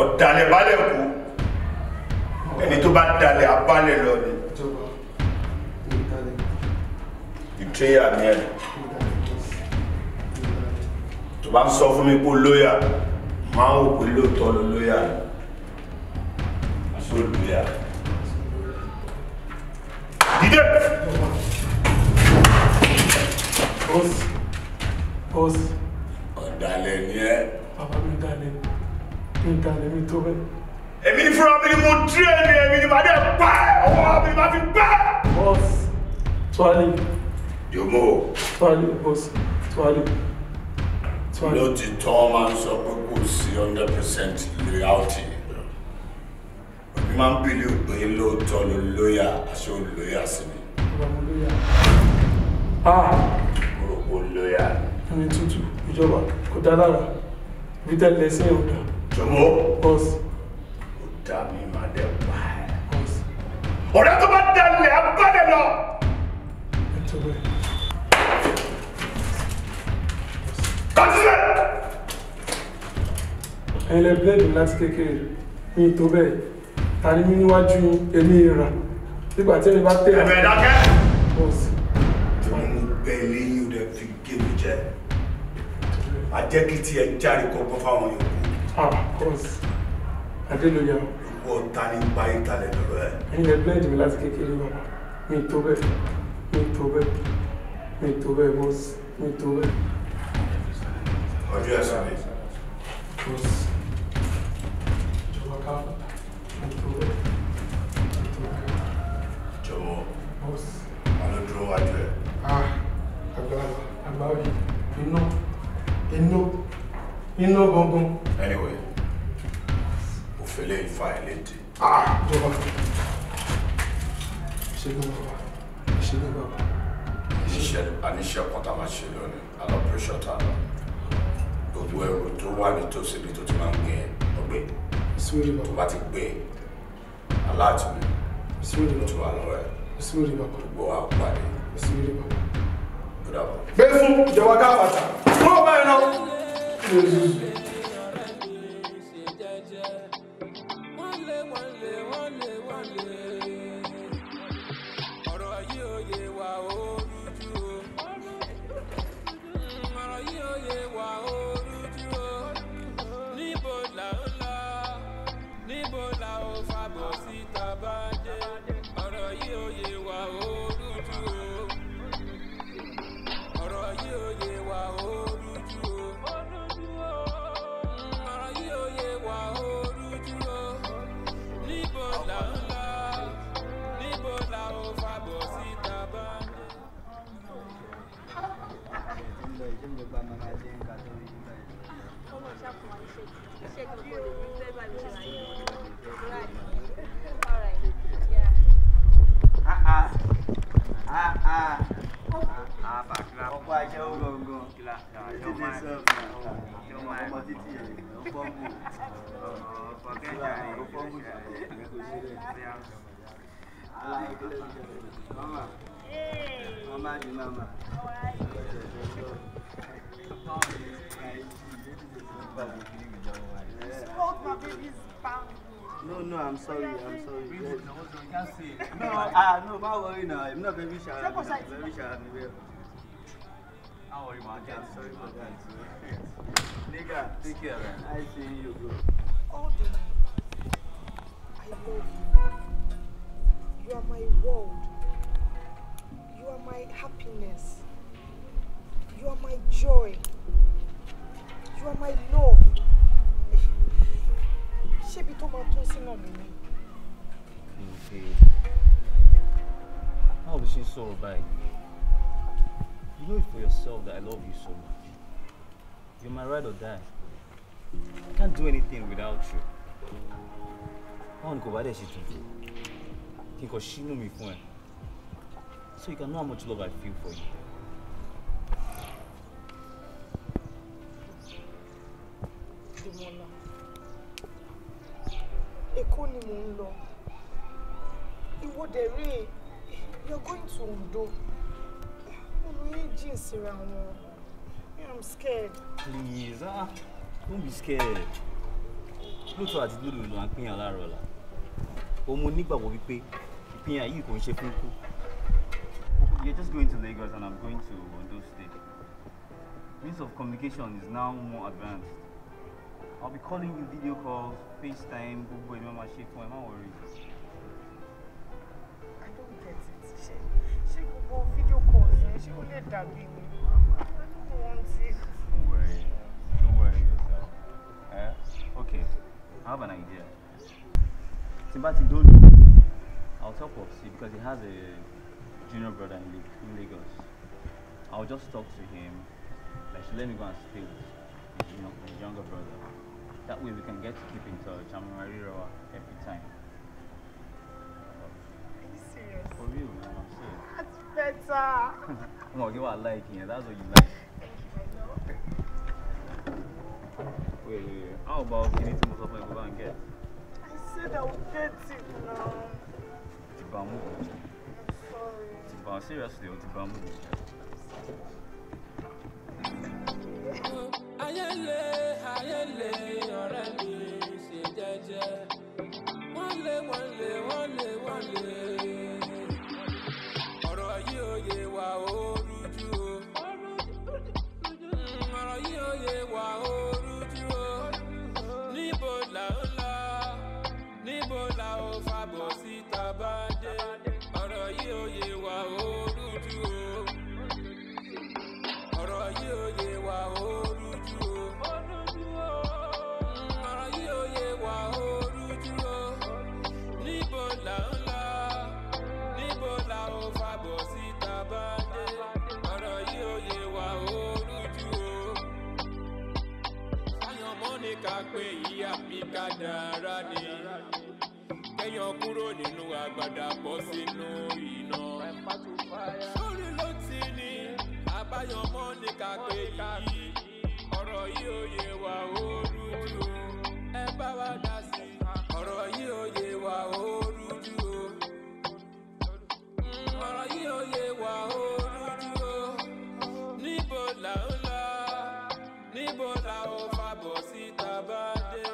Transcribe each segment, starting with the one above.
ọ̀dàlẹ̀ balẹ̀ kú ẹni tó bá dalẹ̀ abalẹ̀ lọ ni ìtúyà ni ẹ̀ tó bá ń sọ fún mi pé lóyà máa ń wò pé lóòótọ́ ló lóyà aṣọ lóyà dídé. ọ̀dàlẹ̀ ni ẹ. bàbá mi dalẹ̀ mi ta lèmi tó bẹ́ẹ̀. èmi ní fúnra mi ni mo dúró ẹni èmi ni màá dẹ̀ pa ọwọ́ mi ni màá fi pa. bọ́ọ̀sì tuwali. yomo. tuwali bọ́ọ̀sì tuwali. ló ti tọ́ máa ń sọ pé kò sí hundred percent loyalty òbí máa ń bìlí pé lóòótọ́ ló lóyà àṣé ó sí mi. Ah. Mo rò pé ó lóyà. Ẹni tútù ìjọba kò dá lára. Bí tẹ́lẹ̀ sí ẹ̀ ò Boss, ó dà mí má dẹ̀ pa ẹ̀. ọ̀rẹ́ tó bá dalẹ̀ abálẹ̀ lọ. kàtíṣe. ẹ̀yin lè bílẹ̀dì láti kékeré mi tó bẹ́ẹ̀ ta ni mí níwájú èmi rà nígbà tí èmi bá tẹ̀. ẹ̀bẹ̀ dákẹ́. tí wọ́n mú bẹ́ẹ̀ lẹ́yìn rẹ̀ fi gé mi jẹ́ àjẹ́kìtì ẹ̀ járe kọ́kọ́ fáwọn yòókù ah of course hallelujah. ìwọ ta ni pa ìta lẹ́nu rẹ. ẹ̀yin ẹgbẹ́ ìdìbò láti kékeré wọn mi tó bẹ́ẹ̀ mi tó bẹ́ẹ̀ mi tó bẹ́ẹ̀ bọ́s mi tó bẹ́ẹ̀. ọjọ́ ẹ̀sán mi. bọ́s ìjọba ká mi tó bẹ́ẹ̀ mi tó bẹ́ẹ̀. jọ̀wọ́ bọ́s. àlọ́ dúró wájú ẹ̀. ah àgbà àgbà òye iná iná iná gangan. anyway òfèlè ìfà ẹ̀ léde. Ah, jọba ṣẹ́gun bàbá ṣẹ́gun bàbá. àníṣe kan tá a máa ṣe lónìí alápẹ̀ṣọ́ tá a lọ gbogbo ẹrù tó wà nítòsí ibi tó ti máa ń gbé ẹ ọgbẹ́ tó bá ti gbé aláàtúnú tó wà lọ́rẹ́ gbogbo àpàdé gbé fún ìjọba káfàtà kúrò báyìí náà níbo la ó fàbọ̀ síta bá dé. Mama. hold my baby's band. No, no, I'm sorry, I'm sorry. Yes. No, ah, no, don't worry now. I'm not baby shy, I'm not baby shower. Don't worry, man. I'm sorry for that. Nigga, take care, man. I see you, bro. Oh, I love you. You are my world. You are my happiness. You are my joy. You are my love ṣébi tó máa tó sí náà lónìí. ǹjẹ́ báwo ló ṣe ń sọ̀rọ̀ báyìí you know it for yourself that I love you so much you're my ride or die I can't do anything without you báwo ni kò bá dẹ̀ ṣe she kí n kò ṣínú mi fún ẹ so you can know how much love I feel for you. Demola. Èkó ni mò ń lọ. Ìwọ dẹ̀ rí you're going to Ondo. Ọmọ yín jìn síra wọn. I'm scared. Please, ah, don't be scared. Lóòótọ́ àti lódò ló ń pínyà láàárọ̀ ọ̀la. Òun nígbàgbọ́ wípé ìpínyà yìí kò ń ṣe fún kú. You're just going to Lagos and I'm going to Ondo State. Means of communication is now more advanced. I'll be calling you video calls, FaceTime gbogbo ẹ̀ máa ṣe fún ẹ má wọrí. I don't get it ṣe ṣé gbogbo fídíò calls yẹn ṣé ó lè dàbí mi I don't worry don't worry yourself. Eh? Okay I have an idea. tí bá ti I'll talk to Popsi because he has a junior brother in, in Lagos. I'll just talk to him like let me go and stay with his younger brother. That way we can get to keep in touch. I'm Marirawa every time. Are you serious? For real, man, I'm serious. That's better. Come on, give her a like here. That's what you like. Thank you, my know. Wait, wait, wait. How about you need to move up and go and get? I said I would get it now. Tibamu. I'm sorry. Tibamu, seriously, Tibamu. I'm sorry. ayẹlẹ ayẹlẹ ọ̀rẹ́ mi ṣe jẹ́jẹ́ wọ́n lé wọ́n lé wọ́n lé wọ́n lé. ọ̀rọ̀ yìí ò yé wa ó o. Mm, ọ̀rọ̀ yìí ò yé wa ó o. níbo là ń lọ níbo là ó fàbọ̀ síta báyìí. kádàrá ni kéèyàn kúrò nínú àgbàdà bọ́ sínú iná. sórí ló ti ní àbáyọmọ ní kàpé yìí ọ̀rọ̀ yìí ò yé wa ó rújú ẹ bá wa dá sí ọ̀rọ̀ yìí ò yé wa ó rújú mm, ọ̀rọ̀ yìí ò yé wa ó rújú níbo là ń lọ níbo là ó fàbọ̀ síta bá dé.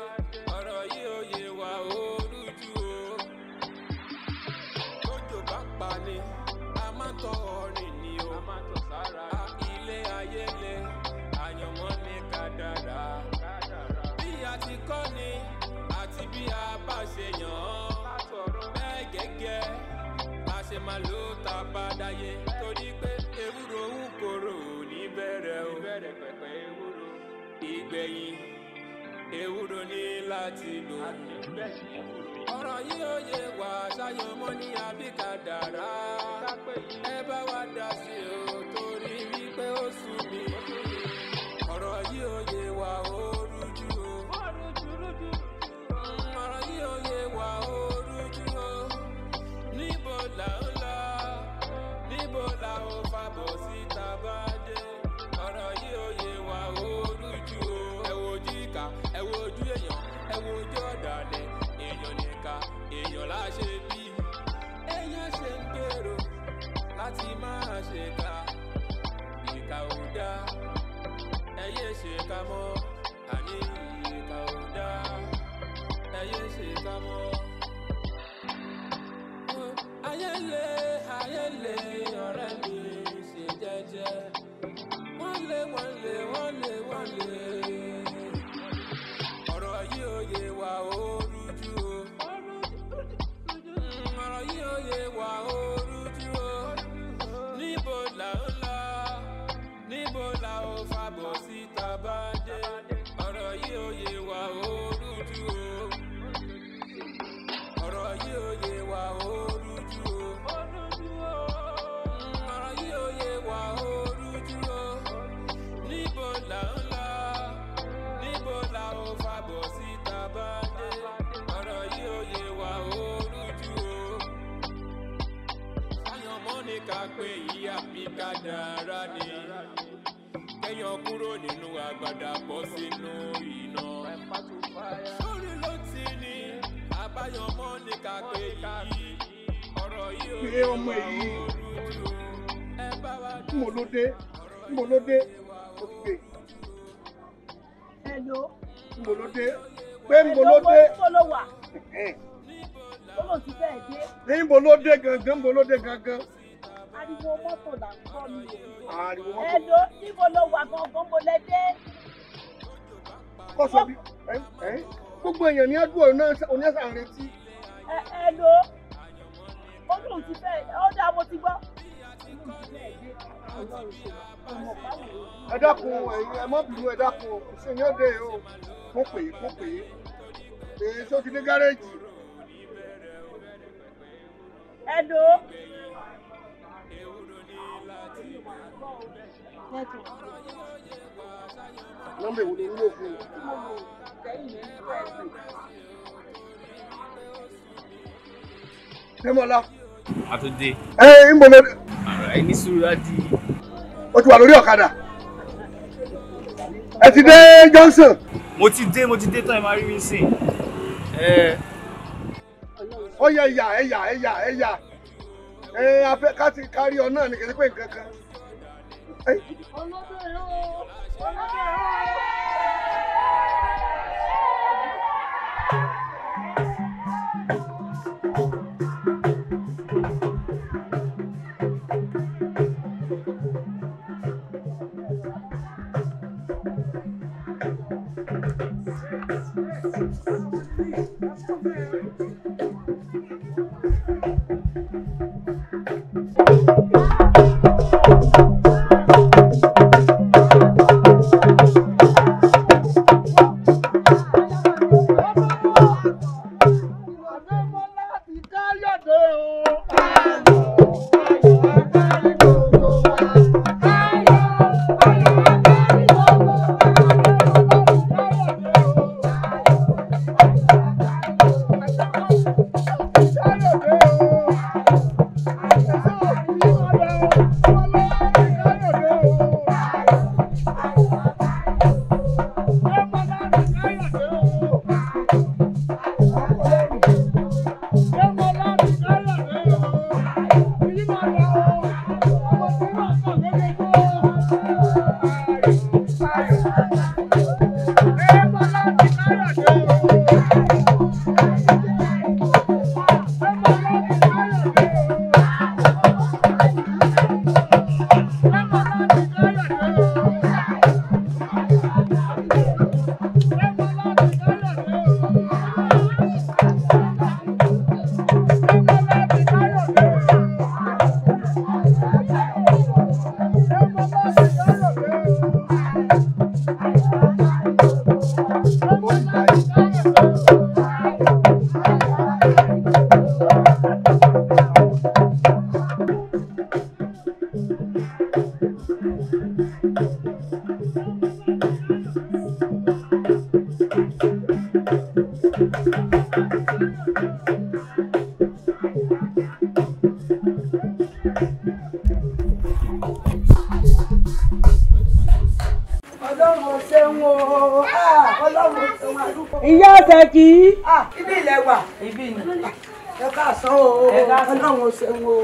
dáyé torí pé ewúro ń korò ní bẹ̀rẹ̀ o bẹ̀rẹ̀ pẹ̀pẹ̀ ewúro ìgbẹ̀yìn ewúro ní láti lò ọ̀rọ̀ yìí ó yé wà ṣàyọmọ́ ní àbíkàdàrá ẹ bá wa dá sí o torí wípé ó sùn mí ọ̀rọ̀ yìí ó yé wà ó rújú o ọ̀rọ̀ yìí ó yé wà ó rújú o níbo làwọn. ò dá ẹ yé ṣèkà mọ́ àní ìkà ò dá ayẹlẹ ayẹlẹ ọ̀rẹ́ mi ṣe jẹ́jẹ́ wọ́n lé wọ́n lé wọ́n lé wọ́n lé. bàbá dé ọ̀rọ̀ yìí ò yé wa ó o ọ̀rọ̀ yìí ò yé wa ó rújú o ọ̀rọ̀ yìí ò yé wa ó o níbo là ń lọ níbo là ó fàbọ̀ síta bá dé ọ̀rọ̀ yìí ò yé wa ó o sáyọ̀mọ́ ni ká pé ìyá mi ká dára ni èèyàn kúrò nínú agbada bọ́ sínú iná. sórí ló ti ní àbáyọmọ́ ní kàpé yìí ọ̀rọ̀ yìí ò ní wà lójú. mo ló dé mo ló dé mo ti dé. hello. mo ló dé pé mo ló dé. mo ló wà. mo ló ti bẹ́ẹ̀ dé. ní mo ló dé gangan mo ló dé gangan ariwo mọ́tò là ń gbọ́ mi o. ariwo mọ́tò. ẹ ló níbo ló wà gangan mo lẹ dé. kọ́ sọ bí gbogbo èèyàn ní àdúgbò oníṣà ń retí. ẹ ló ó lóun ti fẹ́ ó dá mo ti gbọ́. ẹ dákun ẹ má bínú ẹ dákun ìṣèyàn dé o mo pè é mo pè é èyí tó ti ní gárẹ́jì. ẹ ló. nọ́mbà ìwò lè wúlò fún mi. na O ti wà ti Johnson. Mo ti de, mo ti de ma mi eya, eya, eya, ti kan. Ay. Thank you. ọlọ́run ṣeun o.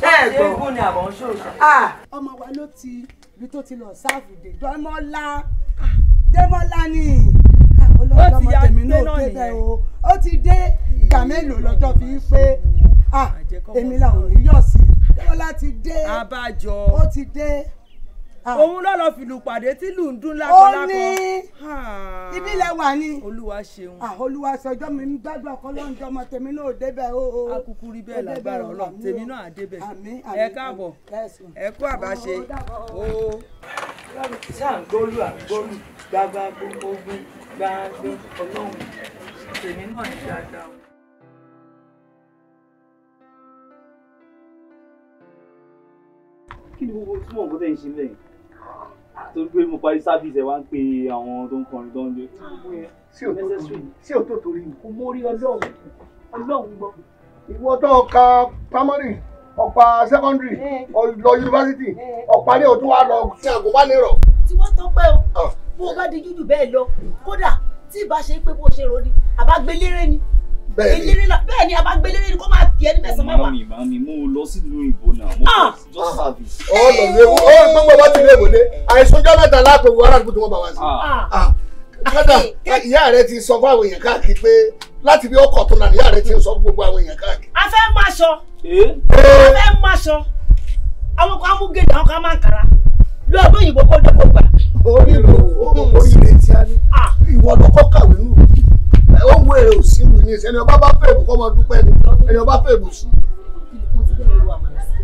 ṣéègùn ni àbọ̀ ń ṣòṣà. Ah. Ah. ọmọ wa ló ti ibi tó ti lọ sáàfù dé dọ́mọ́lá ah. dẹ́mọ́lá ni ọlọ́dọ́mọ tèmi náà dé bẹ́ẹ̀ o ó ti dé ìgbà mélòó lọ́jọ́ fi pé èmi làwọn ò sí dẹ́mọ́lá ti dé ó ti dé. Ah. òun ló lọ fìlù pàdé tí lù ń dún lákọlákọ. ó ní ah. ibi ilẹ̀ wà ní. olúwa ṣeun. Ah, olúwa sọjọ́ mi ń gbàdúrà kọ́ ló ń jọmọ tèmi náà débẹ̀ o. akúkú rí bẹ́ẹ̀ lágbára ọlọ́run tèmi náà débẹ̀. ẹ káàbọ̀ ẹ kú àbáṣe. sáà ń gbólú àgbólú gbagba gbogbogun gbàgbé ọlọ́run tèmi náà ní dáadáa. kí ni gbogbo túmọ̀ nǹkan tẹ̀ ń ṣe bẹ́ẹ̀ torí pé mo parí sábìsì ẹ wá ń pe àwọn tó ń kọrin tó ń dé. sí òtó torí kò mórí ọlọ́run ọlọ́run gbọ́. ìwọ tó ka primary ọ̀pá secondary eh. lọ yunifásitì eh. ọ̀pá ní òtún wa lọ sí àgùnbánirọ̀. tí wọ́n tọ́ pẹ́ o ah. bó o bá di jújù bẹ́ẹ̀ lọ kódà tí ìbá ṣe pé bó o ṣe rò ni àbá gbélére ni eléré la bẹ́ẹ̀ ni a bá gbélé ni kó máa tì ẹ́ ní mẹ́sàn-án máa wà. mami mami mo lọ sílùú ìbò náà mo lọ ah! sí just ah! service. ọ lọ lé wo ọ gbogbo wa ti lé wo dé àìsàn jọ mẹ́ta láàpẹ wo aráàlú tó wọn bá wá sí. Ah! kódà ìyá rẹ ti sọ fún àwọn èèyàn káàkiri pé láti bí ọkọ̀ tó nàní ìyá rẹ ti sọ fún gbogbo àwọn èèyàn káàkiri. a fẹ́ máa ṣọ eh? a fẹ́ máa ṣọ àwọn kan amúgẹ̀dẹ̀ àwọn kan máa ń kàrà lọ́dún òyìnbó kó dé kó orí ìlú orí ìrètí a ní ìwọ lọkọ kàwé nù ó wo èrè òsì wù ní ẹni ọba bá fẹ́ èbù kọ́mọ dúpẹ́ ni ẹni ọba fẹ́ èbù sí. mo ti bẹ̀rẹ̀ wà màlá sí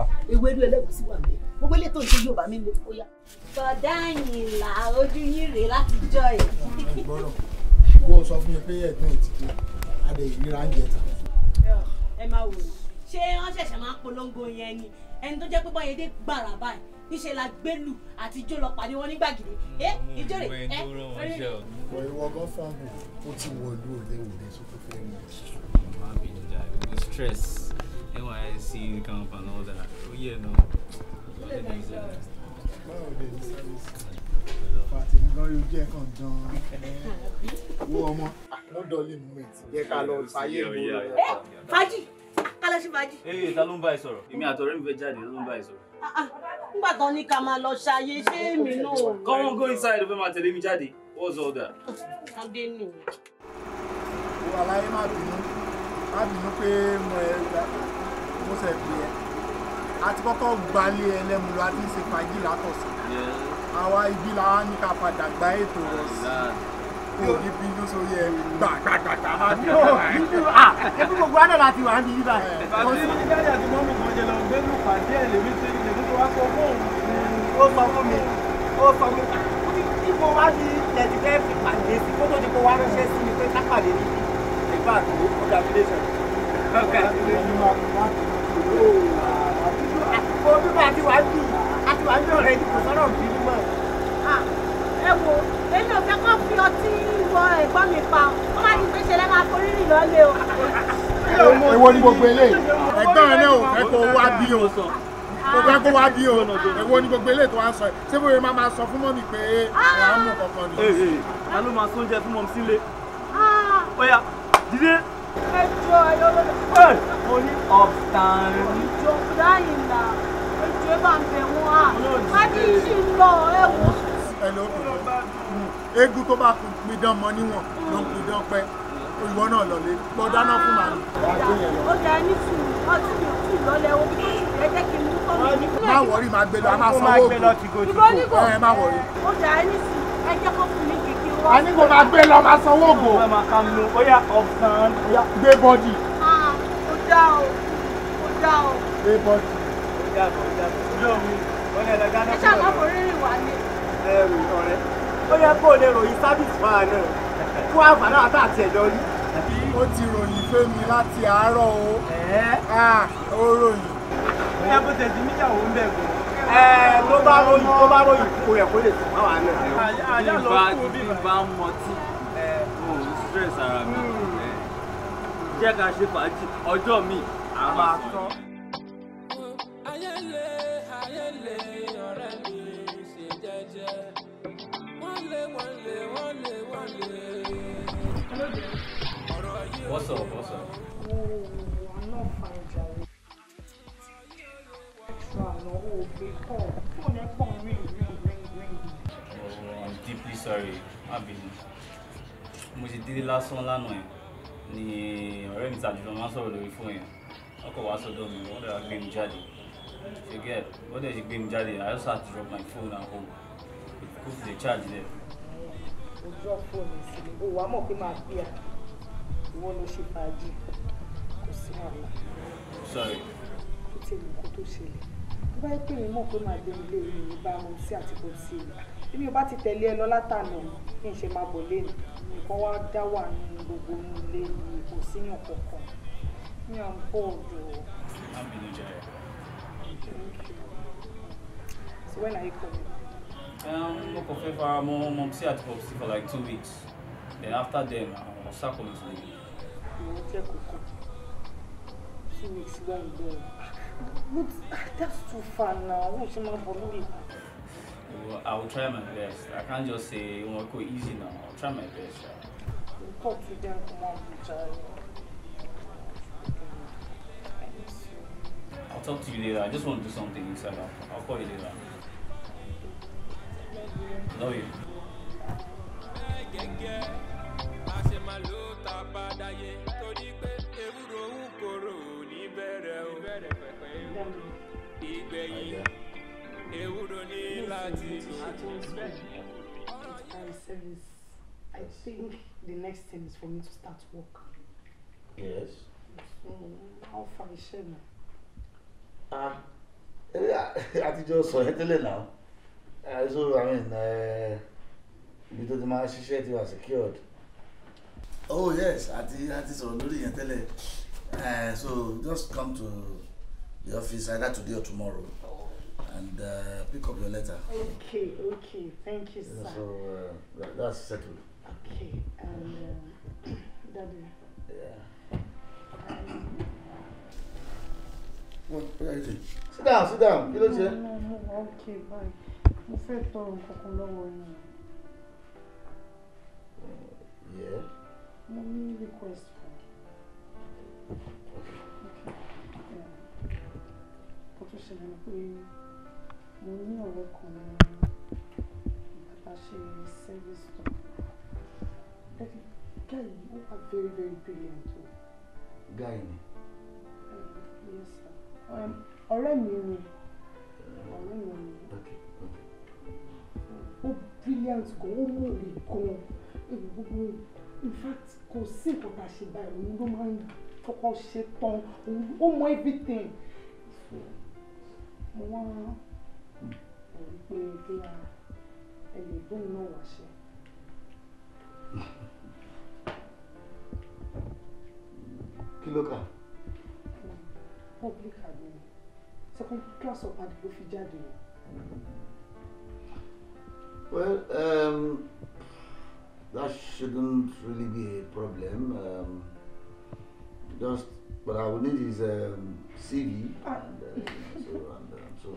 ah. ewédú ẹlẹ́gùsí wà mí gbogbo ilé tó ń ṣe yóò bá mi lè kó yá. bọ̀dá ìyìnlá ojú yín rèé láti jọ ẹ̀. bó sọ fún mi pé ẹ̀gbọ́n ẹ̀ ti dé adé ìríra ń jẹ tán. ẹ máa wò ó ṣé wọ́n ṣẹ̀ṣẹ̀ máa polongo yẹn ni ẹni tó jẹ́ pé bọ́yẹn dé gbàrà báyìí iṣẹ́ la gbẹ́lù àti ijó lọ pàdé wọn ní ẹ ijó mm, ẹ orí rè. ọ̀ ìwọ gan fọ́ọ̀mù ó ti wọ ìlú òde òde sókè fẹ́ oh, mi. màmá mi ń jà ìwé stress nysc camp and all ó yẹ náà. báwo lè ní sẹ́yìn pàtì nǹkan yóò jẹ́ kan dán wo ọmọ. mo ah, dọ̀lé moment yẹ ká lọ sáyé ìgboro. ẹ fàájì kálẹ̀ ṣe fàájì. ee ta ló ń bá ẹ sọ̀rọ̀. èmi àtọ̀rẹ́ mi fẹ́ jáde ló ń bá ẹ sọ̀rọ̀. Ah, ah, nígbà tán ni ká máa lọ ṣayé ṣé èmi náà. come on go inside o fẹ́ máa tẹ̀lé mi jáde what's all that. adé nù. o aláyé má bínú má bínú pé mo ẹ mo ṣe pè ẹ a ti kọ́kọ́ gbalé ẹlẹ́mu lọ a ti ń ṣe fàájì látọ̀sán àwa ibi làwa ní ká padà gba ètò rẹ̀ sí kó o ní bí ló so yẹ gbàgbàgbà á ti ọ̀rọ̀ rẹ̀. Ah, ẹbí gbogbo àná láti wà níbi ibà. bàbá mi ní káyà àti mọ́mú kan jẹ lọ gbé ní pàdé ẹ̀ lèmi tí ìdèmí tó wá sọ fóun. ó sọ fún mi ó sọ fún mi kí mo wá ní tẹ̀sí fẹ́ fi pàdé sí kó tó di kó wá ránṣẹ́ sí mi pé ká pàdé níbi ìgbà tó ọjà fílẹ̀ sọ. ọjà fílẹ̀ sọ àti wàá bí àti wàá bí ọ̀rẹ́ ìdìbò sọ́nà bí èyí ò fẹ́ kọ́ fi ọtí wọ ẹ̀gbọ́n mi pa ó má ní pèsè lẹ́ forí rìn lọ́lé o. èwo ni gbogbo eléyìí ẹ̀gbọ́n rẹ ò fẹ́ kó wá bí o kò fẹ́ kó wá bí o èwo ni gbogbo eléyìí tó wá sọ ṣé bóyá máa máa sọ fún mọ́mì pé ẹ̀ á mú kankan ni. ta ló máa sóúnjẹ fún mọ́mì sílé ó yá dìde ẹjọ ẹjọ lọlọ. mo ní ọ̀sán. ìjọ dáhìn là ẹjọ bá ń bẹ̀ wọ́n á. má ní ìṣìlọ ẹ̀wọ̀n. ẹ lọ́kùnrin eégún tó bá pidán mọ níwọ̀n ló ń pidán pẹ́ ìwọ náà lọlé lọ dáná fún màmí. ó dá ní sùúrù ọtí mi ò tí ì lọlẹ̀ owó bí kò sì kí n mú kọ́ mi. má wọrí máa gbé lọ a máa sanwó ògùn ìbọn nígbò ẹ má wọrí. ó dá ní ẹ jẹ́ kó fún mi kékeré wá. a ní kò máa gbé lọ máa sanwó ògùn. ọ̀gá máa kàn ló bóyá ọ̀sán gbé bọ́dì. Ah, ó dá o ó dá o. gbé bọ́dì. ó dá o mi wọlé ẹ lọ fún ọ̀rẹ́ ó yẹ kó o lè ròyìn sábìsì fún àná kó àǹfààní àtàtì ẹ̀ lọ rí. ó ti ròyìn fẹ́mi láti àárọ̀ o ó ròyìn. ó yẹ kó tẹ̀sí níyàwó ń bẹ̀ gbọ́. ẹ tó bá ròyìn tó bá ròyìn kó yẹ kó lè sùn fáwa náà. àyà lọ bí ìbá ń mọtí mo ń stress ara mi hmm. jẹ́ ká ṣe fàájì ọjọ́ mi àmà tán. What's up? What's up? Oh, I'm deeply sorry. I've been. Mo ṣe délé lásán lánàá ẹ̀ ni ọ̀rẹ́ mi tàbí ọmọ sọ̀rọ̀ lórí fún ẹ̀. Ọkọ̀ wá sọ́dọ̀ mi, wọ́n dẹ̀ gbé mi jáde. Ṣé gẹ́ẹ̀, wọ́n dẹ̀ ṣe gbé mi jáde. I just had to drop my phone at home. Kó fi charge there ọjọ́ fóònù sílẹ̀ o wàá mọ̀ pé màá bí a ìwọ ló ṣe fàájì kò sí wàhálà. sorry. kó tèmi kó tó ṣẹlẹ̀ tó bá yẹ pé mi mọ̀ pé màá dé ilé mi ní bá wọn sí àti bó sí i èmi ò bá ti tẹ̀lé ẹ lọ látànà kí n ṣe máa bọ̀ lẹ́nu nǹkan wá dá wà nínú gbogbo inú ilé mi kò síyàn kankan mi ò ń bọ̀ ọ̀dọ̀. àmì ló jẹ́ ẹ̀. so when are you coming? Um, mo kàn for fara mọ́ mọ́ sí àti pọ̀ sí for like two weeks then after them àwọn sàkóyè sí lẹ́yìn. two weeks gbọ́n that's too far now I will try my best. I can't just say won't oh, go easy now. I'll try my best. Right? Talk to them, come on, I'll talk to you later. I just want to do something inside. I'll call you later. Love you. I think the next thing is for me to start work. Yes. Um, how eh, far is Shema? Ah, àtijọ́ sọ ẹ́ tẹ́lẹ̀ now. Also, uh, I mean, ibi tó ti máa ṣiṣẹ́ ti wà secured. oh yes àti àti sọ̀rọ̀ lórí yẹn tẹ́lẹ̀ so just come to the office either today or tomorrow and uh, pick up your letter. okay okay thank you sir. Yeah, so uh, that, that's settled. okay and uh, daddy. Yeah. Um, What, what are you doing? Sit down, sit down. You don't no, no, no, okay, bye mo fẹ́ tọrọ nǹkan kan lọ́wọ́ yín. yẹ. mo ní request fún ọ tó ṣẹlẹ̀ ni pé mo ní ọ̀rẹ́ kan ní bàbá ṣe service tó guy ó wà very very brilliant o. guy ni. yes sir um, ọ̀rẹ́ mi ni ọ̀rẹ́ mi ni brilliant gan ó mú òye gan gbogbo in fact kò sí nǹkan tá a ṣe báyìí òun ló máa ń kọ́kọ́ ṣe tán ó mọ everything mo wá rí pé bí a ẹ̀yìn ìbọn náà wà ṣe. kí ló kà? public admin second class of admin fi jáde o. Well, um, that shouldn't really be a problem. Um, just what I will need is um, CV and, uh, so, and um, so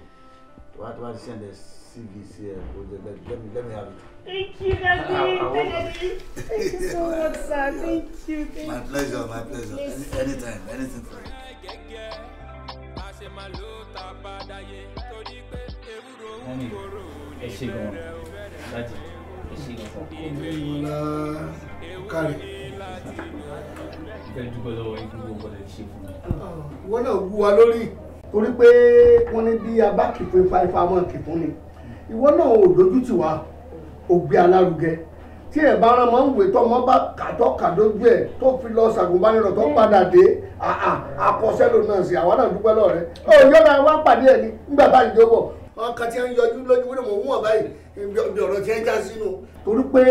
to what send a CV here. Let, let me let me have it. Thank you, Daddy. I, Thank you so much, sir. Thank you. Thank my pleasure. My pleasure. Yes. Any, anytime. Anything for you. Any, ọ̀la kárẹ̀. wọ́n náà wú wa lórí torí pé wọ́n ní bí a bá mọ́ kìfún ni ìwọ náà ò dojú tì ò gbé alárugẹ tí ẹ bá rán mọ ń wé tọmọ bá kàtọ kàdójú ẹ tó fi lọ ṣàgùnbánirọ̀ tó padà dé àkọsẹlò náà sí àwa náà dúpẹ́ lọrẹ ọ yọdà wá pàdé ẹ ní nígbà báyìí tó wọn kan ti ń yọjú lójú wíwọ́n mọ̀ wọ́n báyìí ibi ọ̀rọ̀ ti ń já sínú. torí pé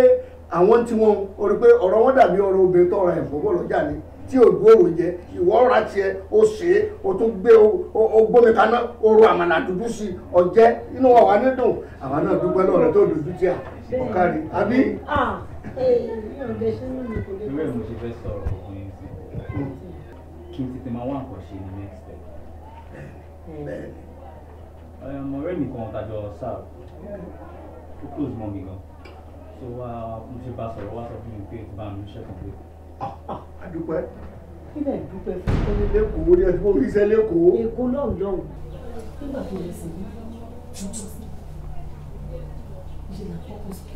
àwọn tí wọn orí pé ọ̀rọ̀ wọn dàbí ọ̀rọ̀ obìnrin tọ̀ra ẹ̀fọ́ bọ̀ lọ́jà ni tí o dúró òrò jẹ ìwọ ọ̀rá tiẹ̀ o ṣe é o tún gbé o gbómi kaná o ro àmàlà dúdú sí ọ̀jẹ́ inú wa wà nídùn àwa náà dúpẹ́ lọ́rẹ́ tó dúdú tí a ọ̀kárí àbí. ìwé ah, eh, mi ṣe fẹ́ sọ̀rọ̀ ògùn yìí sí hmm. kí n tètè máa wá nǹkan ṣe ní next step. I am already eh, mi kan tàjọ sáà ó close mọ́ mi gan so wá mo ṣe bá sọ̀rọ̀ wá sọ fún mi pé kí bá mi ṣe kàn pé. àdúpẹ́ ah, ah, kí lè dúpẹ́ fún mi. ó ní lẹ́kọ̀ọ́ ní ẹ̀fọ́ iṣẹ́ lẹ́kọ̀ọ́. èkó lọ́hùn lọ́hùn nígbà tó lè sìn mí ṣe là kọ́kọ́ sí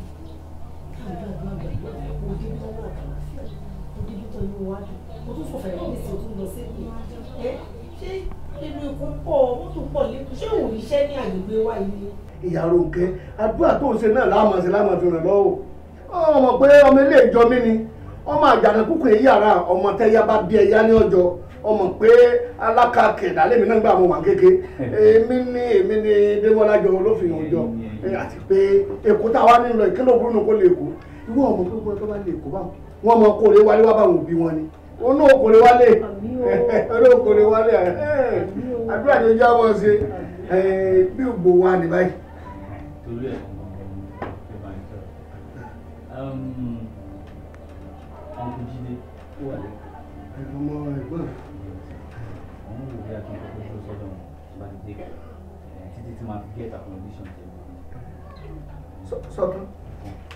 káàdúrà àdúrà àgbà mo dé bí tọ́lá àlàáfíà mo dé bí tọ́lá ìwádìí mo tún fọ̀fẹ́ rẹ̀ mi sí o tún lọ sí ẹ̀ ṣé inú ikú pọ̀ mọ́tò pọ̀ lẹ́kùn ṣé òun iṣẹ́ ní àgbègbè wa yìí. ìyá Ronke àdúrà tó ń ṣe náà láàmú ṣe láàmú fi ràn lọ́wọ́ ọmọ pé ọmọ ilé ìjọ mi ni ọmọ àjànà kúkú èyí yàrá ọmọ tẹ́yà bá bí ẹyá ní ọjọ́ ọmọ pé alákàkẹ́ ìdálẹ́mi náà gbà wọn wà kéke èmi ni èmi ni Démọ́lá jọ olófin òjọ àti pé èkó táwa ní lọ ìkílọ̀ burúkú kó lè kó irú ọmọ pé wọ́n tó bá lè kó báwọn wọ́n mọ kó lè wálé wá báwọn òbí wọn ni onú òkòlè wálé onú òkòlè wálé àdúrà tó jẹ́ àwọn ṣe eh, bí ògbò wa ní báyìí. torí ọmọ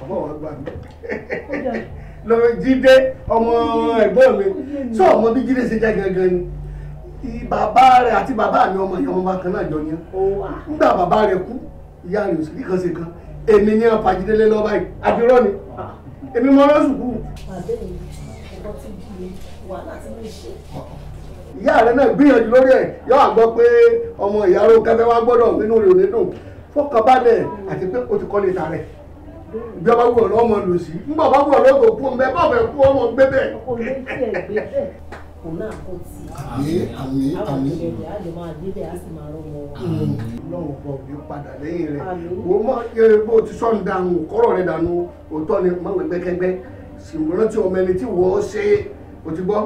um, wọn eh, gbà mí. lọ jíde ọmọ ẹ̀gbọ́n mi sọ ọmọ bí jíde ṣe jẹ́ gangan ni bàbá rẹ àti bàbá mi ọmọ ìyá ọmọ kan náà jọ ní ọ nígbà bàbá rẹ kú ìyá rẹ ò sì rí kan ṣe kan èmi ní ọfàjídélé lọ báyìí àdúrọ ni ah. èmi mọ lọ sùkú. ìyá rẹ náà gbìyànjú lórí ẹ yọ àgbọ́ pé ọmọ ìyá ló kẹfẹ wá gbọ́dọ̀ nínú rẹ ò ní dùn fọkànbalẹ̀ àti pé o ti kọ́ lè ta rẹ bí ọba wúwo lọ́mọ lò sí nígbà ọba wúwo lọ́gbọ̀ kú ọmọ bẹ́ẹ̀ bọ́ọ̀bẹ̀ kú ọmọ gbé bẹ́ẹ̀. ọkọ ló ń tiẹ̀ gbé bẹ́ẹ̀ kò náà kò tí. àmì àmì àmì. àwọn ìṣẹ̀lẹ̀ á lè máa gbé bẹ́ẹ̀ á sì máa rán wọn. ọlọ́run bọ̀ bí padà lẹ́yìn rẹ̀ wò ó bó ti sọ́n dànù kọ́rọ̀ rẹ̀ dànù òótọ́ ni mọ̀wé gbẹ́kẹ́gbẹ́ ṣùgbọ́n tí ọmọ ẹni tí wọ́ọ́ ṣe o ti gbọ́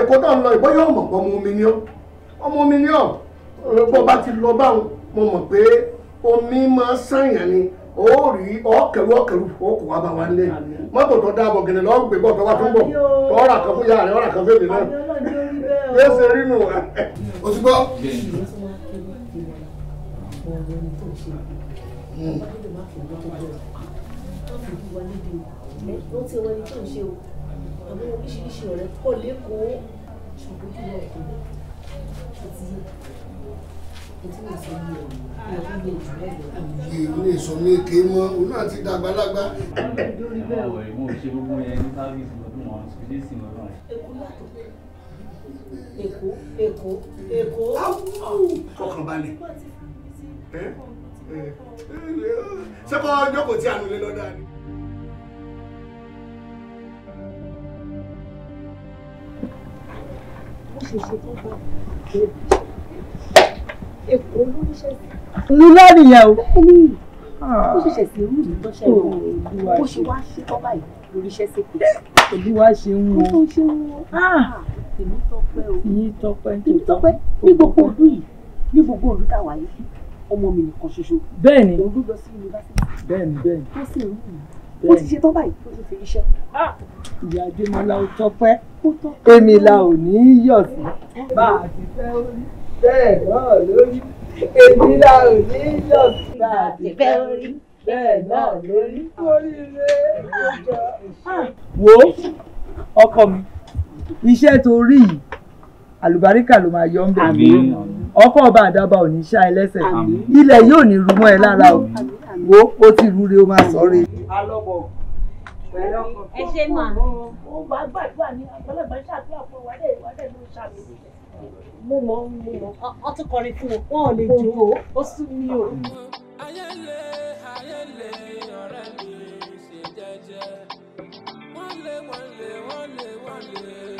èkó tó ń lọ ìbọn yóò mọ̀ pọ̀ ọmọ omi ni ó rí ọ̀kẹ́rù ọ̀kẹ́rù òkú wa bá wa ń lé mọ́tò tó dáàbò gẹ̀lẹ́ lọ́ọ́ gbé bọ̀ tó wá tó ń bọ̀ ọ̀rà kan fún yàrá ọ̀rà kan fèmí náà ṣe rí nù. o ti gbọ́. ó ti wọ o àwọn oríṣiríṣi ọ̀rẹ́ pọ̀ lẹ́kọ̀ọ́ ṣùgbọ́n kí wọ́n kò ní ti yé ilé ìsọ ní èké mọ òun náà ti dàgbàlagbà. lórí bẹ́ẹ̀ o ìwọ ṣé kọ́ ọjọ́ tí àánú lé lọ́dọ̀ ni. wọ́n ṣe ṣe tó bá a èkó ló ń ṣe sí. ní lọ́ọ̀nì yẹn o. ó ṣẹ̀ṣẹ̀ sí irú ìlú tó ṣe é ah. wò ó ṣe wá ṣe tọ́ báyìí lórí iṣẹ́ sèpè. èmi wá ṣe ń wo. ó ṣe ń wo. Ah. tèmi tọpẹ́ o. tèmi tọpẹ́. tèmi tọpẹ́ ní gbogbo òdu yìí ní gbogbo òdu tá a wà yìí ọmọ mi nìkan ṣoṣo. bẹ́ẹ̀ni òun ló lọ sí yunifásitì. Ah. bá bẹ́ẹ̀ náà lórí èmi la ò ní yọ̀ sígbà àtẹ̀bẹ́ orí bẹ́ẹ̀ náà lórí oríire ìjọ. wo ọkọ mi iṣẹ́ tó rí yìí àlùbáríkà ló máa yọ ń bẹ̀ mí ọkọ ọba àdàbà ò ní ṣá ẹlẹ́sẹ̀ ilẹ̀ yóò ní rú mọ́ ẹ lára o wo ó ti rúre ó máa sọ re. alọ́bọ̀ ẹ ṣe máa. mo gbàgbọ́ àdúrà ní àgbàlagbà ṣàdúrà fún wa dé ìwádìí ló ṣàmì mo mọ mo mọ ọ kọrin fún wọn wọn ò lè jó ó sú mi o. ayẹlẹ ayẹlẹ ọ̀rẹ́ mi ṣe jẹ́jẹ́ wọn lé wọn lé wọn lé wọn lé.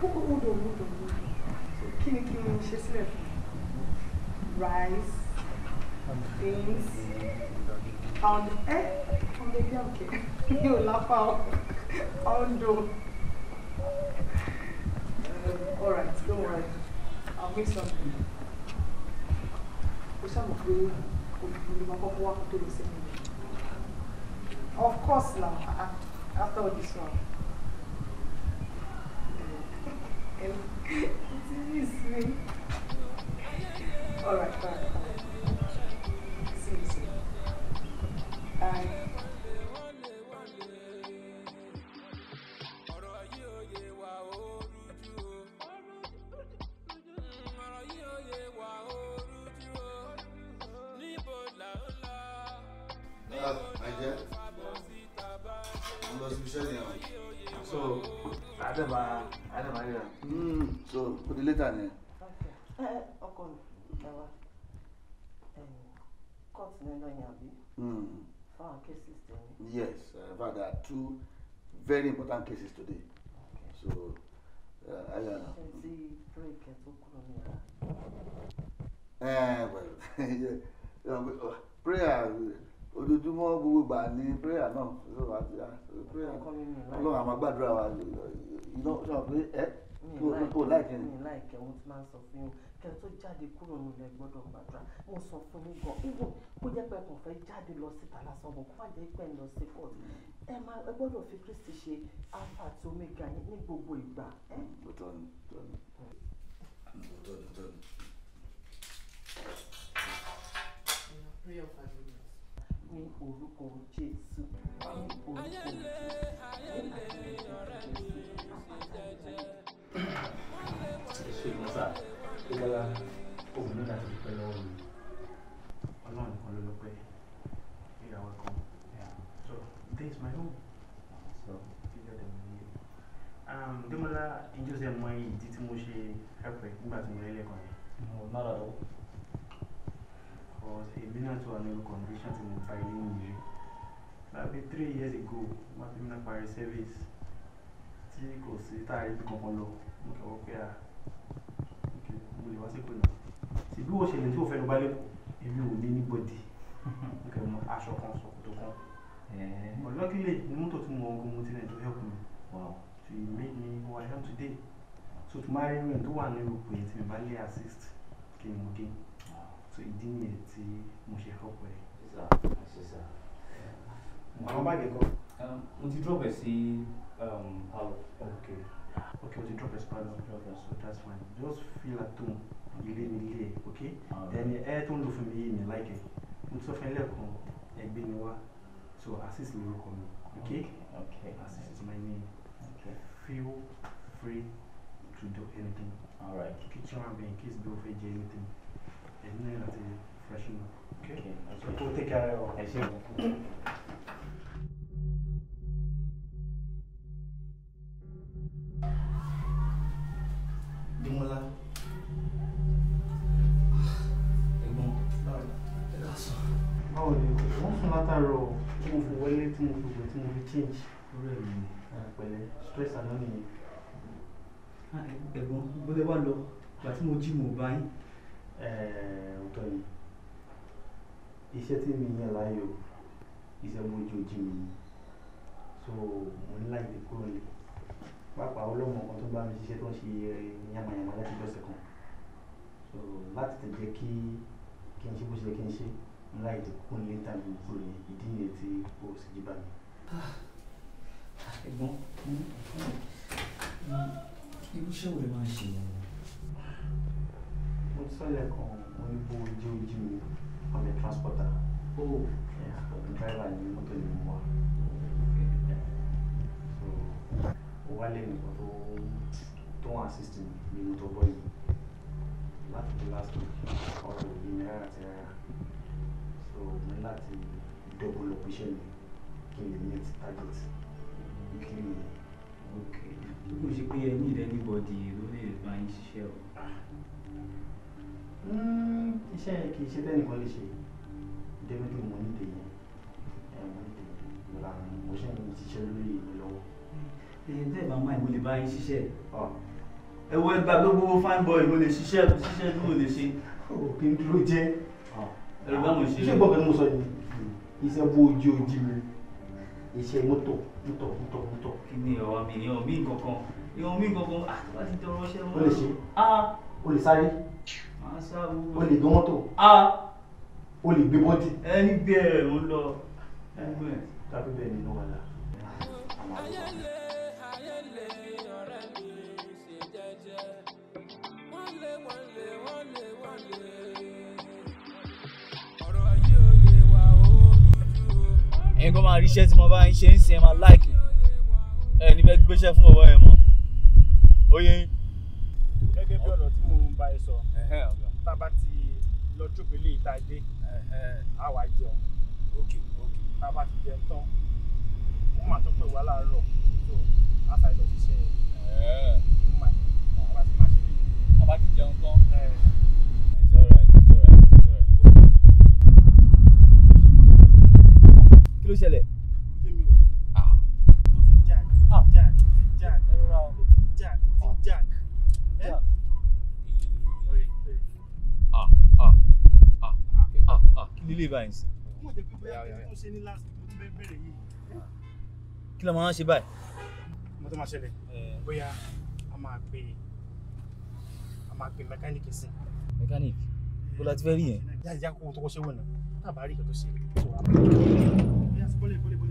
kókó wúdò wúdò wúdò kí ni kí n ṣe sílẹ̀ fún rice beans pound ẹ pound ẹ bí ọ̀kẹ́ mi ò lápá ọ poundo eh, all right don't worry I'll make something o ṣàmọ̀ pé olùkọ́ ló máa kọ́kọ́ wá kó tó lọ sẹ́yìn of course na after all this one. mi. there are two very important cases today. So, uh, I don't know. Uh, eh, well, uh, prayer ojoojúmọ́ gbogbo gbà ní prayer náà uh, prayer ọlọ́run àmọ́ gbàdúrà wa you know sọ pé ẹ́. Eh, o láìkẹ ni. mi láìkẹ wọn ti máa ń sọ fún yín kẹ tó jáde kúrò nílẹ̀ gbọ́dọ̀ gbàdúrà mo sọ fún yín gan even kó jẹ́ pé kàn fẹ́ jáde lọ síta lásán bọ̀ kó má jẹ́ pé lọ sí port ẹ máa ẹ gbọ́dọ̀ fi Kristi ṣe alpha àti omega yín ní gbogbo ìgbà. ní orúkọ Jésù ní orúkọ Jésù. Dẹ́mọ́lá Ìjọsẹ̀ mọ ìdí tí mo ṣe ẹ̀pẹ̀ nígbà tí mo lé lẹ́kọ̀ọ́ yẹn. No, not at all. Because èmi náà tún wà ní condition tí mo pa ilé ìwé. Lábí three years ago, wọ́n fi mí náà parí service tí kò sí táàrí bí kankan lọ. Mo kẹ́wọ́ pé à ah, mo lè wá sí ìpinnu. Sì bí wọ́n ṣẹlẹ̀ tí ò fẹ́ lọ bá lẹ́kọ̀ọ́, èmi ò ní níbọ̀dì. Mo kẹ́ mọ aṣọ kan sọ̀kòtò kan. Ọ̀lọ́kílẹ̀ ni mọ́tò tí mo ń mo ti rẹ̀ tó help me. Wow to make me who I am today so to marry me tó wà ní òpè tí mi bá lè assist kí n mú dé so ìdí nìyẹn tí mo ṣe help ẹ. àwọn báàgì kọ. mo ti drop ẹ sí um, palo. ok ok mo ti drop ẹ sí palo so that's fine just feel at home ilé mi ilé ẹ ok ẹni ẹ tó ń lò fún mi yìí mi like ẹ mo ti sọ lẹ́ẹ̀kan ẹgbẹ́ mi wá so assist lórúkọ mi ok assist is my name feel free to do anything. All right. Kitchen and in case they offer anything. And then that's a freshen up. Okay. okay. So okay. we'll take care of it. I see. Dimola. Ẹ̀gbọ́n. Ẹ ká sọ. Báwo ni o? Wọ́n fún látàrọ̀ tí mo change. Orí pẹ̀lẹ́ stress àná nìyẹn. Ah, ẹ̀gbọ́n bó ṣe wá lọ ìgbà tí mo jí mo bá yín. ọ̀tọ̀ ni iṣẹ́ tí mi yàn láàyò iṣẹ́ mojú ojú mi so mo ní láì lè kúrò nílé pàápàá ọlọ́mọ kan tó bá mi ṣiṣẹ́ tó ń ṣe yamayama láti jọ́sẹ̀ kan so láti tẹ̀ jẹ́ kí kí n ṣe bó ṣe kí n ṣe mo láì lè kúrò nílé tàbí kúrò ní ìdí nìyẹn tí o sì jí bá mi. Ah ẹ̀gbọ́n irú iṣẹ́ wo lè máa ṣe wọn. mo sọ́lẹ̀ kan mo ní oh yeah driver ní mọ́tò ní so mo wá lé nìkan tó tó ń assist di last week ọ̀rọ̀ yìí náírà àti so mo ní láti dọ́gbọ́n lọ́pọ̀ iṣẹ́ ok ok kò ṣe pé anybody ló lè bá yín ṣiṣẹ́ o. Hmm, iṣẹ́ kì í ṣe tẹ́nìkan lè ṣe dẹ́mẹ́tò mo ní tèyẹ ẹ mo ní tèyẹ mo là ń mo ṣe ń ṣiṣẹ́ lórí èmi lọ́wọ́. ẹyin tẹ́ ìbámu àìmọ̀ lè bá yín ṣiṣẹ́ ẹ fine boy mo lè ṣiṣẹ́ ṣiṣẹ́ bí mo lè ṣe. òkè ń dúró jẹ́ ẹ̀rọ bá mo ṣe. iṣẹ́ ìgbọ̀ngàn ni mo sọ yìí iṣẹ́ bó ojú iṣẹ́ mọ́tò mútọ̀ mútọ̀ mútọ̀. kí ni ọ̀wá mi ah tó bá ti tọrọ ọṣẹ mọ́. o lè ṣe ẹ̀yin kan máa ríṣẹ́ tí mo bá ń ṣe ń sin ẹ máa láìkì ẹ ní fẹ́ gbéṣẹ́ fún ọwọ́ ẹ mọ́ oyè. gẹ́gẹ́ bí ọ̀rọ̀ tí mo ń bá ẹ sọ tá a bá ti lọ jókòó lé ìta dé a wá jẹun tá a bá ti jẹun tán mo máa tó pè wá láàárọ̀ tó a sáré lọ ṣiṣẹ́ ẹ̀ mo máa ti máa ṣe lè. a bá ti jẹun tán. it's all right. kí ló ṣẹlẹ̀. kí lè báyìí sí. kí ló máa ń ṣe báyìí. mo tó máa ṣẹlẹ̀ eh. bóyá a máa gbé a máa gbé mẹkáníìkì sí. mẹkáníìkì bó la ti eh, fẹ́ rí yẹn. yáa ìyá kó o tọkọ ṣe wọ̀nà tábàárì kan tó ṣe ¡Vale, vale,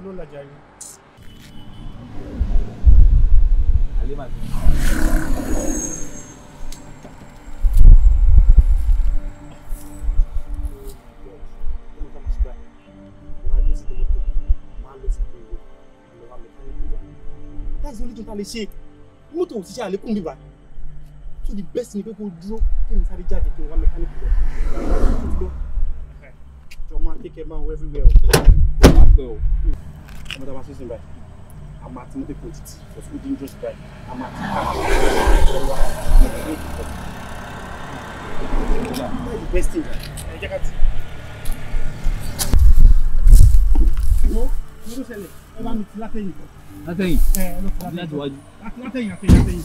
ti ló làjà rí. láti orí tó ta lè ṣe mọ́tò ò ti ṣe àlékún bíbá so the best ni pé kó dúró kí n sáré jáde kí n wá mẹkáníìkì lọ jọ máa everywhere o mo dábàá sí ìsìn báyìí àmà tí mo tẹ̀ kò títì for school dangerous báyìí àmà tí ká ọ̀rọ̀ wa ní ìlú ìkọ̀. the best thing ẹ No. ká ti. wo mo ló ṣẹlẹ̀ ẹ bá mi ti látẹ̀yìn. látẹ̀yìn ẹ ẹ lọ fún látẹ̀yìn látẹ̀yìn àtẹ̀yìn àtẹ̀yìn.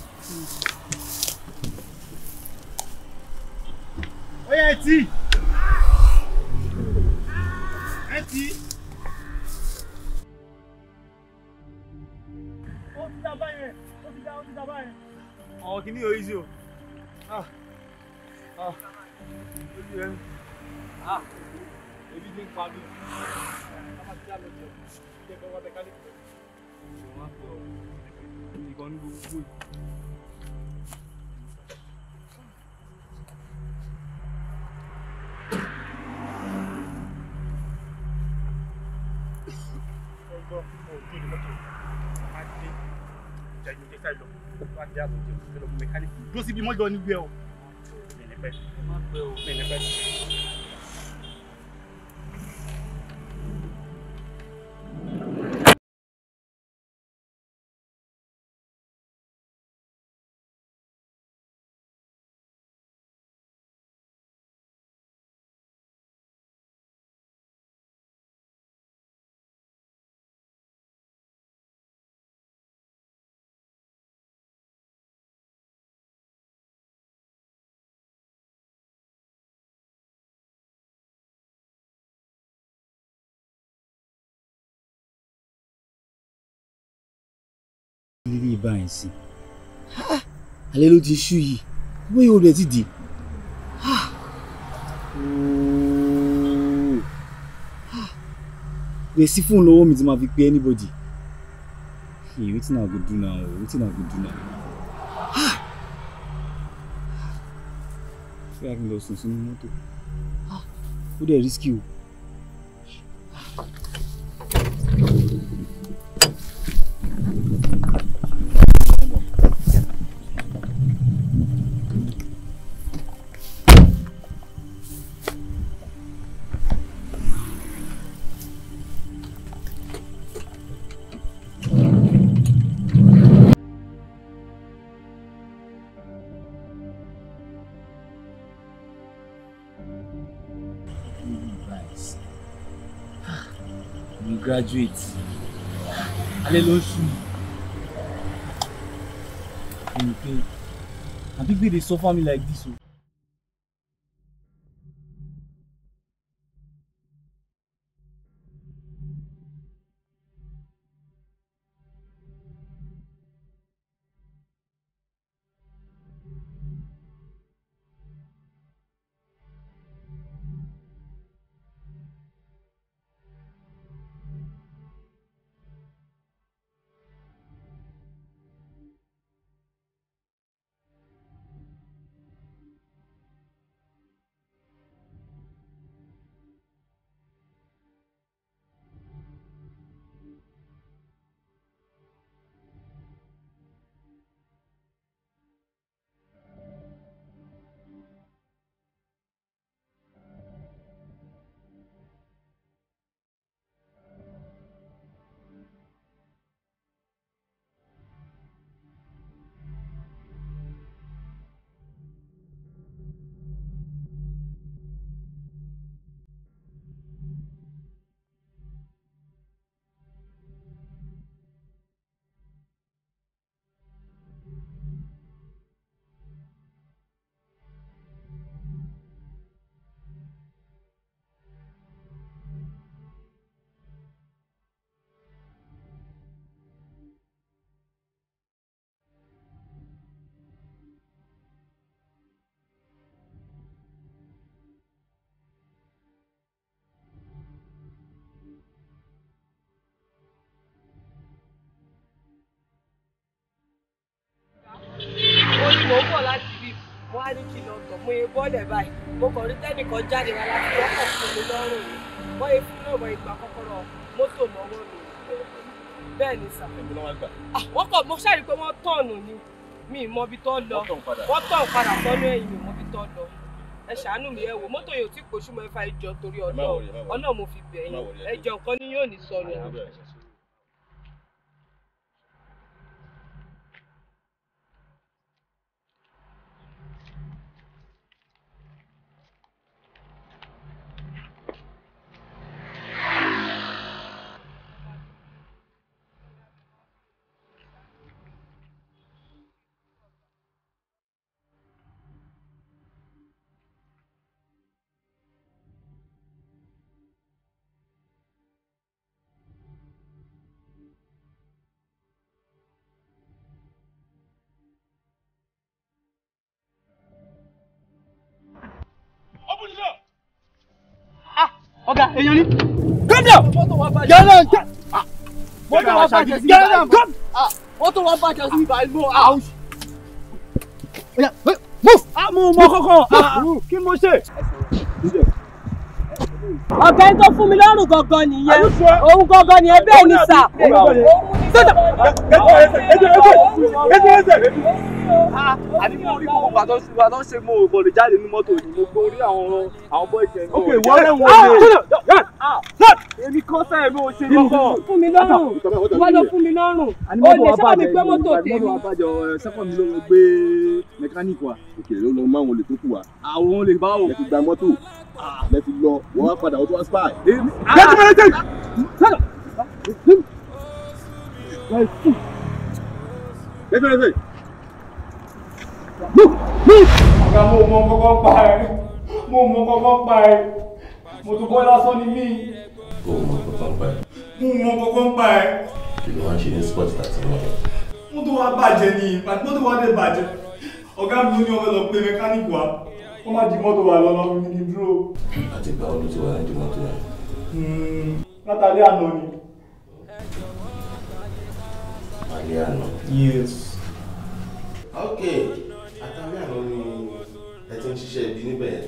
ó yẹ ẹ tí ẹ tí. kìíní yóò easy o. Ah, ah, ah, ebi ti ń pa mí. ìkànnì gbogbo yìí. ìyá àbújá òṣèlú mẹkáníìkì dúró síbi mọ́jọ nígbẹ́ o mi ní pẹ́ mi ní pẹ́. rí rí báyìí sí. alẹ́ ló ti ṣú yìí bóyá o rẹ̀ ti dì. rẹ̀ sí fóònù lọ́wọ́ mi tí máa fi pe anybody. Hey, wetin I go do now? Wetin I go do now? Fẹ́ àkínlọ́sùn sínú mọ́tò. Ó dẹ̀ risky o. graduate alẹ́ ló ń sùn mí nǹkan àbí gbèdé suffer me like this o. bọ́ọ̀lẹ̀ báyìí mo kàn rí tẹ́nìkan jáde wá láti lọ́kọ̀ fún mi lọ́rùn mi wọ́n yẹ fún náà wọ ìgbà kọ́kọ́rọ́ mọ́tò mọ́wọ́ mi bẹ́ẹ̀ ni sà. wọ́n kọ̀ mo ṣàrí pé wọ́n tọ̀nù ni mi ì mọbi tó lọ wọ́n tàn padà sọ́nú ẹ̀yìn mi mọbi tó lọ ẹ ṣàánú mi ẹ wò mọ́tò yóò tí kò ṣùgbọ́n ẹ fa ìjọ torí ọlọ́ọ̀ ọlọ́ọ̀ mo fi bẹ̀ yín ẹ jọ nǹkan ní yóò ní sọnù. ọ̀gá èèyàn ni. come down get down get. mọ́tò wa bàjẹ́ sí ibà ìlú mọ́tò wa bàjẹ́ sí ibà ìlú house. move. a mú mọ kọ́kọ́ kí mo ṣe. ọ̀gá ẹni tó fún mi lọ́rùn gangan nìyẹn òun gangan nìyẹn bẹ́ẹ̀ ni sà àní mo rí gbogbo gbàtọ́ sí gbàtọ́ ṣe mo ò gbọ́dọ̀ jáde ní mọ́tò yìí mo gbọ́ rí àwọn àwọn bọ́ ìjẹun. ok wọ́n rẹ̀ wọ́n lè. èmi kan sáyẹn mi ò ṣe lọ́kọ̀. fún mi lọ́rùn wọ́n lọ fún mi lọ́rùn o lè sábà mi gbé mọ́tò tèmi. mọ́tò abájọ sẹ́kọ̀ọ́ mi ló ń gbé mẹkáníìkì wa òkèlè ló lọ mọ àwọn olè tó kù wa. àwọn olè bá wò. lẹ ti gba mọ́tò lẹ ti lọ wọ́n wá padà wọ́n tó wá spy. Let's go, let's go ọ̀gá mo mọ kọ́kọ́ pa ẹ́ mo mọ kọ́kọ́ pa ẹ́ mo tún bọ́ lásán ní mí. o mọ kọ́kọ́ pa ẹ́. mo mọ kọ́kọ́ pa ẹ́. kí ló wá ń ṣe ní sport àti mọ́tò. mo tún wá bàjẹ́ ni àti mọ́tò wá dé bàjẹ́ ọ̀gá mi ní ọmọ lọ pé mẹkáníìkì wa wọ́n má di mọ́tò wa lọ́nà mi ní dúró. àti ìgbà wo ti wá di mọ́tò yẹn. Hmm, látàlí àná ni. alẹ́ yes. okay bí àná ni ẹ ti ń ṣiṣẹ́ ibi níbẹ̀ yẹn.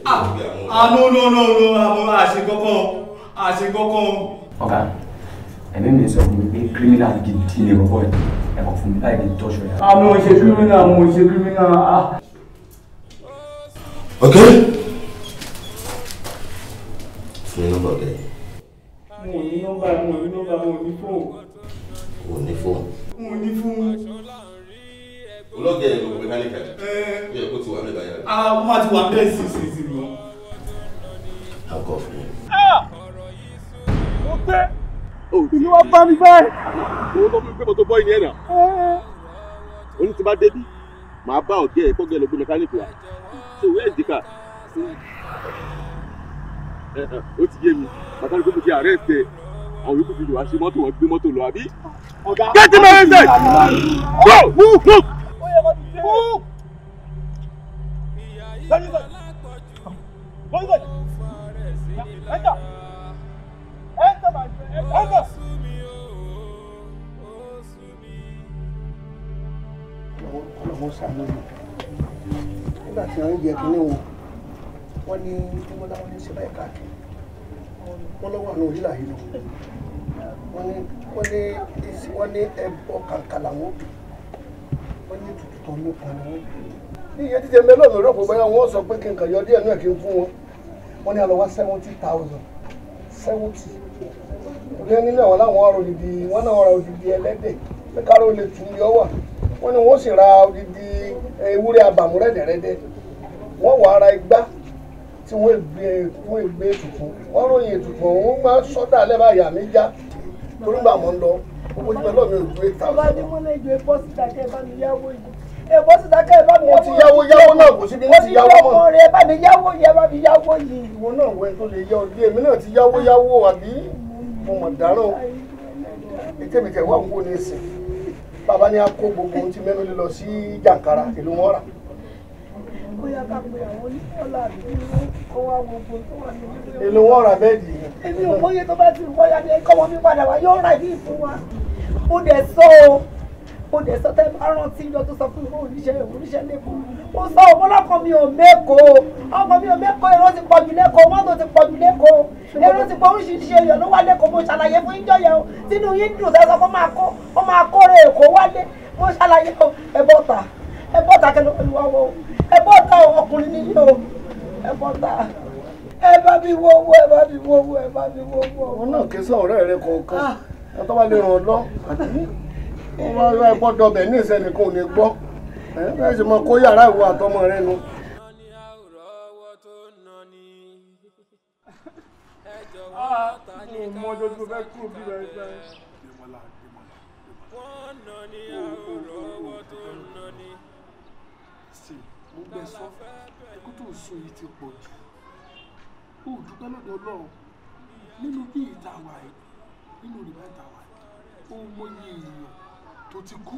àánú ló ló ló àwọn ah, àṣekọ́kọ́ àṣekọ́kọ́. ọ̀gá ẹ̀mí mi sọ fún mi pé kírímínà gidi ni bọ́bọ́ yìí ẹ̀kọ́ fún mi láì ní tọ́jú ẹ̀. àwọn ò ṣe kírímínà àwọn ò ṣe ah. kírímínà. ọ̀gá fún mi nọ́mbà ọ̀gá yìí. mo ò ní nọ́mbà mo ò ní nọ́mbà mo ò ní fóònù. mo ò ní fóònù. mo ò ní fóònù olóògbé ẹ̀rọ mẹkáníkà ẹ̀ kó ti wà ní ìbáyà rẹ̀. àwọn máa ti wà bẹ́ẹ̀ sí sí sí lọ. àgọ́ fún mi. mo gbé ìlú oh, wa bá mi báyìí. òun tó fi gbé mọ́tò bọ́ ìyẹn náà. òun eh. ti bá débi màá bá ọ̀gẹ́ ẹ̀ kọ́gẹ́ lọ gbé wa ṣé òun ẹ̀ dìkà ti yé mi bàtà nígbà ti àárẹ̀ tẹ àwọn yòókù ti lò wá sí mọ́tò wọn gbé mọ́tò lọ àbí. get him out of here go Woo! Very good. Very good. Yeah, enter. Enter, my friend. Enter. Ọlọ́wọ́ sàmúlò. Nígbà tí wọ́n ń jẹ kínní wọn, wọ́n ní Tímọ́lá wọn ní ṣe báyìí káàkiri. Wọ́n lọ́wọ́ àwọn orílẹ̀-èdè lọ. Wọ́n ní wọ́n ní wọ́n ní ẹ̀bọ kàǹkà làwọn òbí wọ́n ní ètùtù tó mú kan ni wọ́n. bí iye títẹ mẹ́lọ́ọ̀nù rẹ̀ kò báyà wọ́n sọ pé kí n kàn yọ díẹ̀ náà kí n fún wọn wọ́n ní àlọ́ wá seventy thousand seventy ìyẹn nínú àwọn láwọn ọ̀rọ̀ òdìdí wọn náà ọ̀rọ̀ òdìdì ẹlẹ́dẹ̀ pé káró lè tún yọ wà wọ́n ní wọ́n sì ra òdìdì eh, ewúrẹ́ abàmú rẹ́dẹ̀rẹ́dẹ́ wọ́n wà ara igbá tí wọ́n gbé wọ́n gbé ètùtù wọ́n ròyìn ètùtù ọ̀hún owó yìí lọ́ọ̀ mi ò gbé bá mi yáwó yìí ẹ bọ́ síta bá mi yáwó yìí. mo ti yáwó yáwó náà kò síbi ní ti yáwó mọ́. mo ti yọ ọmọ rẹ bá mi yáwó yẹ bá mi yáwó yìí. ìwọ náà wẹ tó lè yá ọdí èmi náà ti yáwó yáwó àbí mo mọ̀ dáràn ètè mi kẹ̀ wá ń wò ní ìsìn bàbá ní a gbogbo ohun tí mẹ́nu lè lọ sí jàǹkàrà ìlú wọn rà bóyá ká pe àwọn onífọ́lá àbí kó wá gbogbo tó wà èlò wọn rà bẹ́ẹ̀dì. èmi ò mọyé tó bá ti wáyà ní ẹkọ wọn mi padà wá yóò rà ní ìfún wa ó dẹ̀ sọ o ó dẹ̀ sọ tẹ́ bá rántí yọ tó sọ fún mi oníṣẹ́ oníṣẹ́ lẹ́kọ̀ọ́ ó sọ ọ̀pọ̀lọpọ̀ mi ò mẹ́kọ̀ọ́ ọkọ mi ò mẹ́kọ̀ọ́ èrò ti pọ̀jù lẹ́kọ̀ọ́ mọ́tò ti pọ̀jù lẹ́kọ̀ọ́ èrò ti pọ̀ oríṣiríṣi èèyàn ló wà lẹ́kọ̀ọ́ mo ṣàlàyé fún yíjọ́ yẹn o tínú yín dùn sẹ́sọ́ kó máa kó ó máa kórè èkó wálé mo ṣàlàyé ẹ̀bọ̀ta ẹ kẹlẹ́ pẹ̀lú àwọ̀ ẹ ọkùnrin níyì o ẹ ẹ bá mi wo owó ẹ bá mi wo owó ẹ bá mi wo owó. wọn náà ké sọ ọ̀rẹ́ rẹ kọ̀ọ̀kan ah. ẹ bá lè ràn ọ lọ wọn bá yọ ẹgbọ́ dọbẹ̀ ní ìsẹ́nìkan ò ní gbọ́ ẹ ṣe mọ kó yàrá ìwọ àtọmọ rẹ nu. Ah, mo mọ ojoojúmọ́ fẹ́ kúrò bí rẹ̀ ṣe. wọ́n gbẹ sọ ikú tó sọ yìí ti pọ̀ jù ó dúpẹ́ lọ́dọ̀ ọlọ́run nínú bí ìtawà yìí nínú ìrìbá ìtawà yìí ó mọyì èèyàn tó ti kú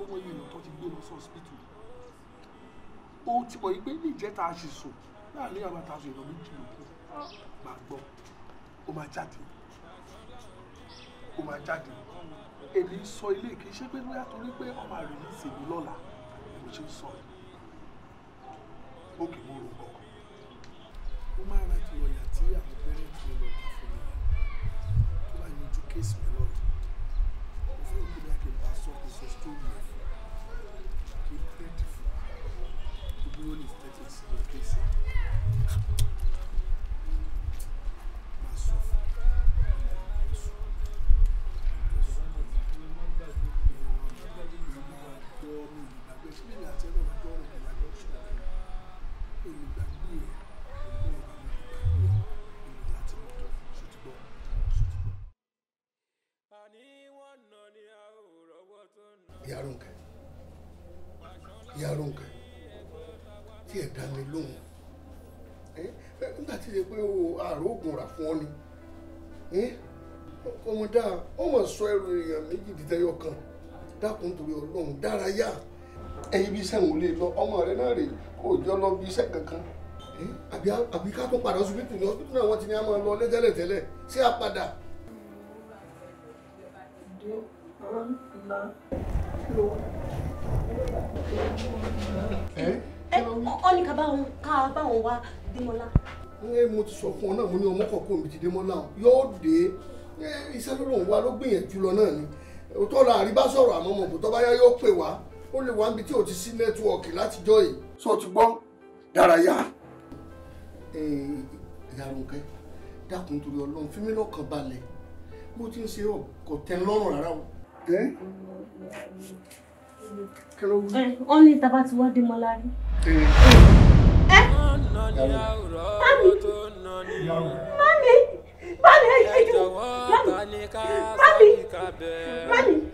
ó mọyì èèyàn tó ti gbé lọ sọ́sìpítù ó ti mọ̀ yìí pé níjẹ́ta àṣìṣò láàrin àwọn àtàṣe èèyàn méjì ló kù gbàgbọ́ ó máa jáde ó máa jáde èmi sọ ilé kì í ṣe pé bóyá torí pé ọmọ àrùn yìí sì lọ́la ṣe ń sọ òkè mo rò gbọ́ ó máa ra ti lọ́ọ̀yà tí àwọn pẹ́rẹ́ ti lọ bá fún mi tó bá yanjú kéèsì mi lọ́ọ̀yà mo fẹ́ kí ní àti bá sọ kí sọ stóòlù rẹ̀ kí n pẹ́ẹ́tì fún mi gbogbo yóò lè tẹ́tí sí ní bíbélì àti ẹ̀rọ ìjọ ọ̀rọ̀ ìgbà lọ ṣùgbọ́n olùgbàgbé ẹ̀ olùgbàgbé ẹ̀ olùgbàgbé ẹ̀ àti mọ́tò ṣùtìgbọ́ ṣùtìgbọ́. ìyá Rónkẹ́ ìyá Rónkẹ́ tí ẹ̀ dá mi lóhùn nígbà tí ṣe pé o àrò rà fún ọ ni ọmọ dáa ọmọ sọ ẹrù èèyàn méjì dídẹ́yọ kan dákun torí Ọlọ́run dárayá ẹyin bí sẹ́yìn ò lè lọ ọmọ rẹ náà rè kó o jọ lọ bí iṣẹ́ kankan àbí àbí ká tó padà ọsibítù ní ọsibítù náà wọ́n ti ní a máa lọ ọlé tẹ́lẹ̀ tẹ́lẹ̀ ṣé a padà. ẹ ọ ní ká bá wọn ká bá wọn wá Démọ́lá. ẹ mo ti sọ fún ọ náà mo ní ọmọ kọ̀ọ̀kan mi ti Démọ́lá o yóò dé iṣẹ́ ló lòun wá ló gbìyànjú lọ náà ni òótọ́ la àríbá sọ̀rọ̀ àmọ́ mọ̀ bó tọ́ bá yá yóò pè wá ó lè wá níbi tí ò ti sí nẹ́tíwọ̀kì látijọ́ yìí ṣó o ti gbọ́ dárayá. ìyá Rónkẹ́ dákun torí ọlọ́run fi mí lọ́kàn balẹ̀ bó ti ń ṣe ọkọ̀ tẹ́ lọ́rùn rárá o. wọ́n ní tá bá ti wá dé mọ́lárí. mami mami mami ẹ jù mami mami mami.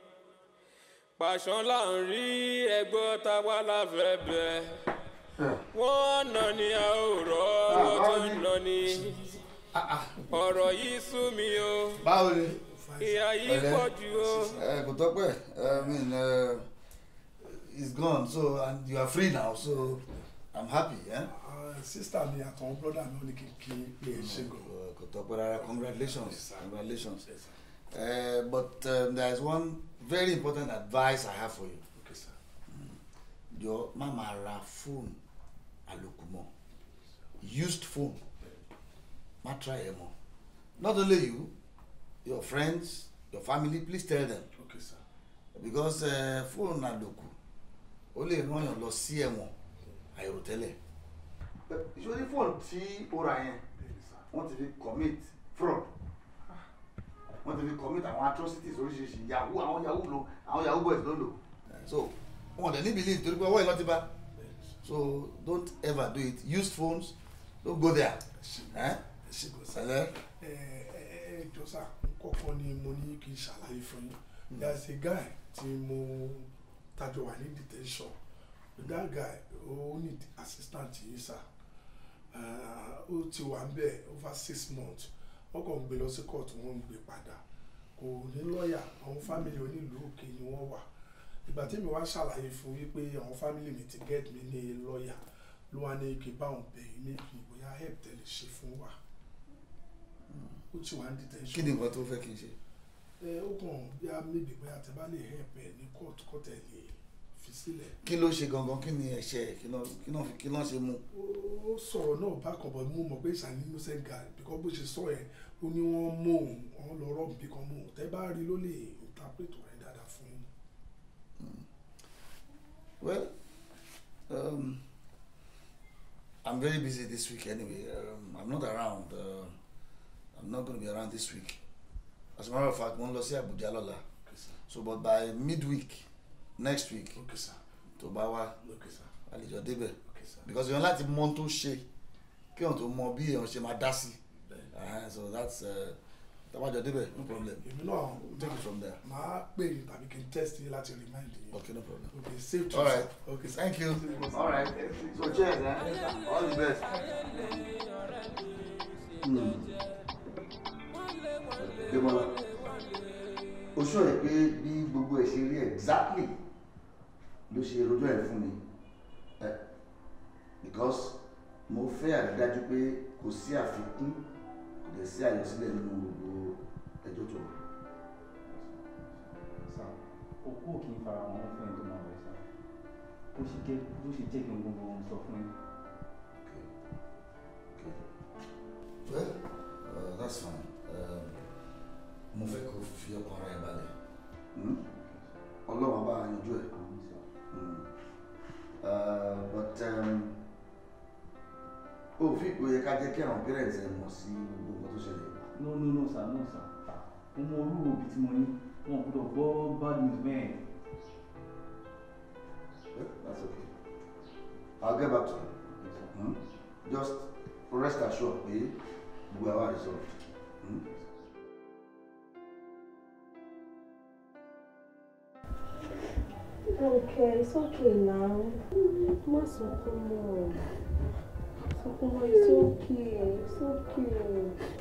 pàṣán là ń rí ẹgbọ́ tá a wá láfẹ́ bẹ́ wọ́n nà ní àwòrán ọwọ́ tó ń nà ní ah, ah. ọ̀rọ̀ yìí sú mi o ìyá yìí pọ̀ jù o. kò tọ́pẹ́ I mean uh, it's gone so and you are free now so I'm happy. Eh? Ah, sista mi àtọ̀wọ́ brọ́dà mi ò ní kí n pè é ṣe gan. kò tọ́pẹ́ rárá congratulations congratulations. Yes, Uh, but um, there is one very important advice I have for you. Okay, sir. Mm. Your mama, máa ra fóònù àlòkù used phone má try ẹ̀ Not only you, your friends, your family, please tell them. Okay, sir. Because fóònù uh, àlòkù ó lè rán yàn lọ sí ẹ̀wọ̀n àìròtẹ́lẹ̀. Ìṣòro fóònù tí ó ra yẹn wọ́n ti fi commit fraud wọ́n ti fi commit àwọn atrocities oríṣiríṣi yahoo àwọn yahoo lo àwọn yahoo boys ló lò so wọn dẹ̀ ní believe torí pé ọwọ́ ìlọ́tí bá so don't ever do it use phones don't go there. ẹ ẹ ẹ jọ́sà kọ́kọ́ ni mo ní kí n ṣàlàyé fún yín hmm. there is a guy tí mo tajọ wà ní detention that guy ó need assistant yìí sá ó ti wà ń bẹ̀ over six months wọ́n kàn ń gbé lọ sí kóòtù wọ́n ń gbé padà kò ní lọ́ọ̀yà àwọn fámìlì onílùú òkè ni wọ́n wà ìgbà tí mi wá ṣàlàyé fún wípé àwọn fámìlì mi ti get mi ní lọ́ọ̀yà ló wá ní kí n bá òun bẹ̀ yín méjì bóyá help tẹ̀lé ṣe fún wa ó ti wà ní detention. kí ni nǹkan tó fẹ́ kí n ṣe. ẹ ó kàn bí a mébi bóyá tẹ lè help ẹ ní kóòtù kọ́tẹ̀lì yìí sílẹ̀. kí ló ṣe gangan kí ni ẹ̀ṣẹ̀ kí ló ṣe mú. ó sọ̀rọ̀ náà bákan bọ̀ mo mọ̀ pé sani innocent guy because bó ṣe sọ yẹn ó ní wọ́n mú òun wọ́n lọ rọ́ọ̀bù bí kan mú òun tẹ́ bá rí ló lè interpret rẹ̀ dáadáa fún un. Hmm. well um, i'm very busy this week anyway um, i'm not around uh, i'm not gonna be around this week as a matter of fact mo ń lọ sí Abuja lọ́la so but by midweek next week okay sir. bá wá àlejò débẹ̀ because èèyàn láti mọ tó ṣe kí èèyàn tó mọ bí èèyàn ṣe máa dá sí so that's uh, tabajọ débẹ̀ no problem If you know, náà take it from there màá baby, that we can n test yín láti remind you. okay no problem okay safe to. all right okay thank you all right so cheers eh? all the best. Demola, o ṣọ́ ẹ̀ pé bí gbogbo ẹ̀ ṣe rí exactly ló ṣe rojọ́ ẹ̀ fún mi because mo fẹ́ àrídájú pé kò sí àfikún kò dẹ̀ sí àyọsílẹ̀ nínú gbogbo ẹjọ́ tó wà. sà òkú ò kì í fara wọn fún ẹ tó máa wẹ̀ sá bó ṣe jẹ́ gbogbo ohun sọ fún ẹ ká jẹ́ kí àwọn mọ̀ sí gbogbo nǹkan tó ṣẹlẹ̀. no no no sir no sir mo mọ orú òbí tí mo ní wọn kò gbọdọ̀ gbọ́ bad news bẹ́ẹ̀. Eh, that's okay i'll get back to you hmm? just rest assured pé gbogbo àwa resolved. Hmm? Okay, it's okay now. Má sọ sunkún mọ́ it's okay it's okay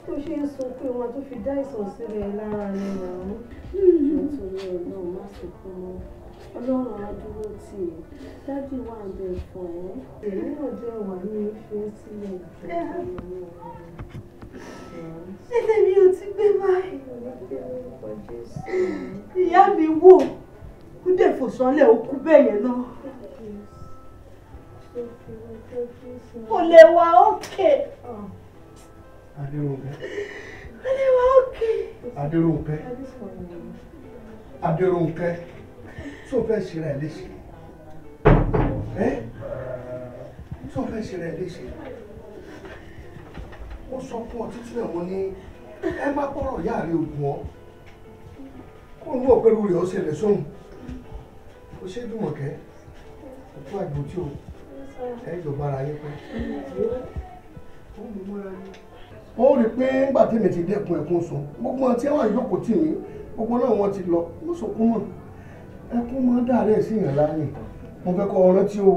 tó ṣe ń sunkún wọn tó fi dá ìsàn sílẹ̀ lára ni màá nítorí ọlọ́run má sunkún mọ́ ọlọ́run á dúró tì í dájú wà ń bẹ fún ẹ èmi náà jẹ́ wà ní ìfẹ́ sílẹ̀ sílẹ̀ mi ò ti gbé báyìí ìyá mi wò kúdẹ̀ fòsánlẹ̀ ó kú bẹ́ẹ̀ yẹn náà o lè wà òkè. Adéròǹpẹ́. o lè wà òkè. Adéròǹpẹ́. Adéròǹpẹ́ tó fẹ́ ṣe rẹ̀ léṣe. ẹ́ o fẹ́ ṣe rẹ̀ léṣe. ó sọ fún ọ títí náà mo ní ẹ má bọ́rọ̀ ìyá rẹ ògùn ọ kó ní òpèrú rẹ̀ ó ṣẹlẹ̀ sóhun ó ṣe é dùnmọ̀kẹ́ òkú àgbòtí òun sẹ́yìn tó bára yé pẹ́ ó rí i pé nígbà tí mi ti dẹ́kun ẹ̀kún sùn gbogbo ọtí àwọn ìjókòó tì mí gbogbo náà wọ́n ti lọ wọ́n sọkún mọ̀ ẹkún máa ń dàrẹ́ sí ìyàn láàyè mo fẹ́ kọ́ ọ̀rán tí o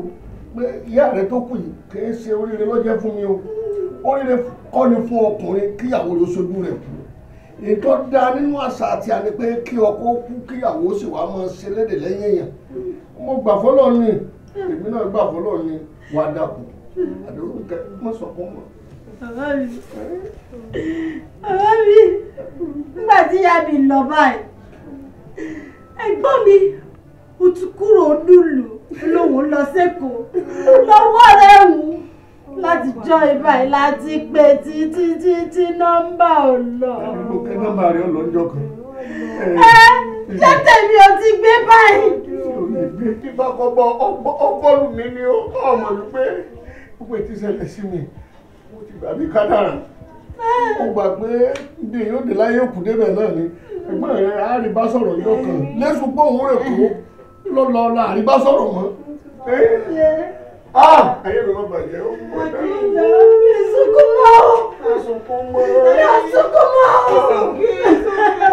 pé ìyá rẹ tó kù yìí kì í ṣe oríire lọ́jẹ́ fún mi o oríire kọ́ ni fún ọkùnrin kíyàwó ló ṣojú rẹ̀ kú ètò da nínú àṣà àti àní pé kí ọkọ kú kíyàwó sì wá máa ṣe lédè lẹ́yìn èèyàn mo gbà fọlọ́ ni èmi náà gbà fọlọ́ ni wá dàpọ̀ àdúró kẹ mọ sọ fún mọ. bàbá mi bàbá mi nígbà tí ìyá mi lọ báyìí ẹ̀gbọ́n mi ó ti kúrò nílùú olóhùn lọ sẹ́kọ̀ọ́ lọ́wọ́ rẹ̀ wù láti jọ ibà yìí láti pè títí títí nọ́mbà ò lọ. ẹni ló kẹ́ nọ́mbà rẹ̀ ọ̀lọ́jọ́ kan ẹ tẹ́tẹ́ mi ò ti gbé báyìí. ìbá kọ́bọ ọgbọ́lù mi ni ọmọ yìí pé pípé ti ṣẹlẹ̀ sí mi mo ti gbà bí kádàrà mo gbà pé bí yóò dé láyé òkú débẹ̀ náà ni ẹ̀gbọ́n rẹ̀ àárín bá sọ̀rọ̀ yóò kàn lẹ́sùn pé òun rẹ̀ kó lọ́lọ́ la àárín bá sọ̀rọ̀ mọ́. ayé mi máa bàjẹ́ ó mú ẹ dáná. ìsúnkú mọ́ ọ́ ìsúnkú mọ́ ọ́ ìsúnkú mọ́ ọ́.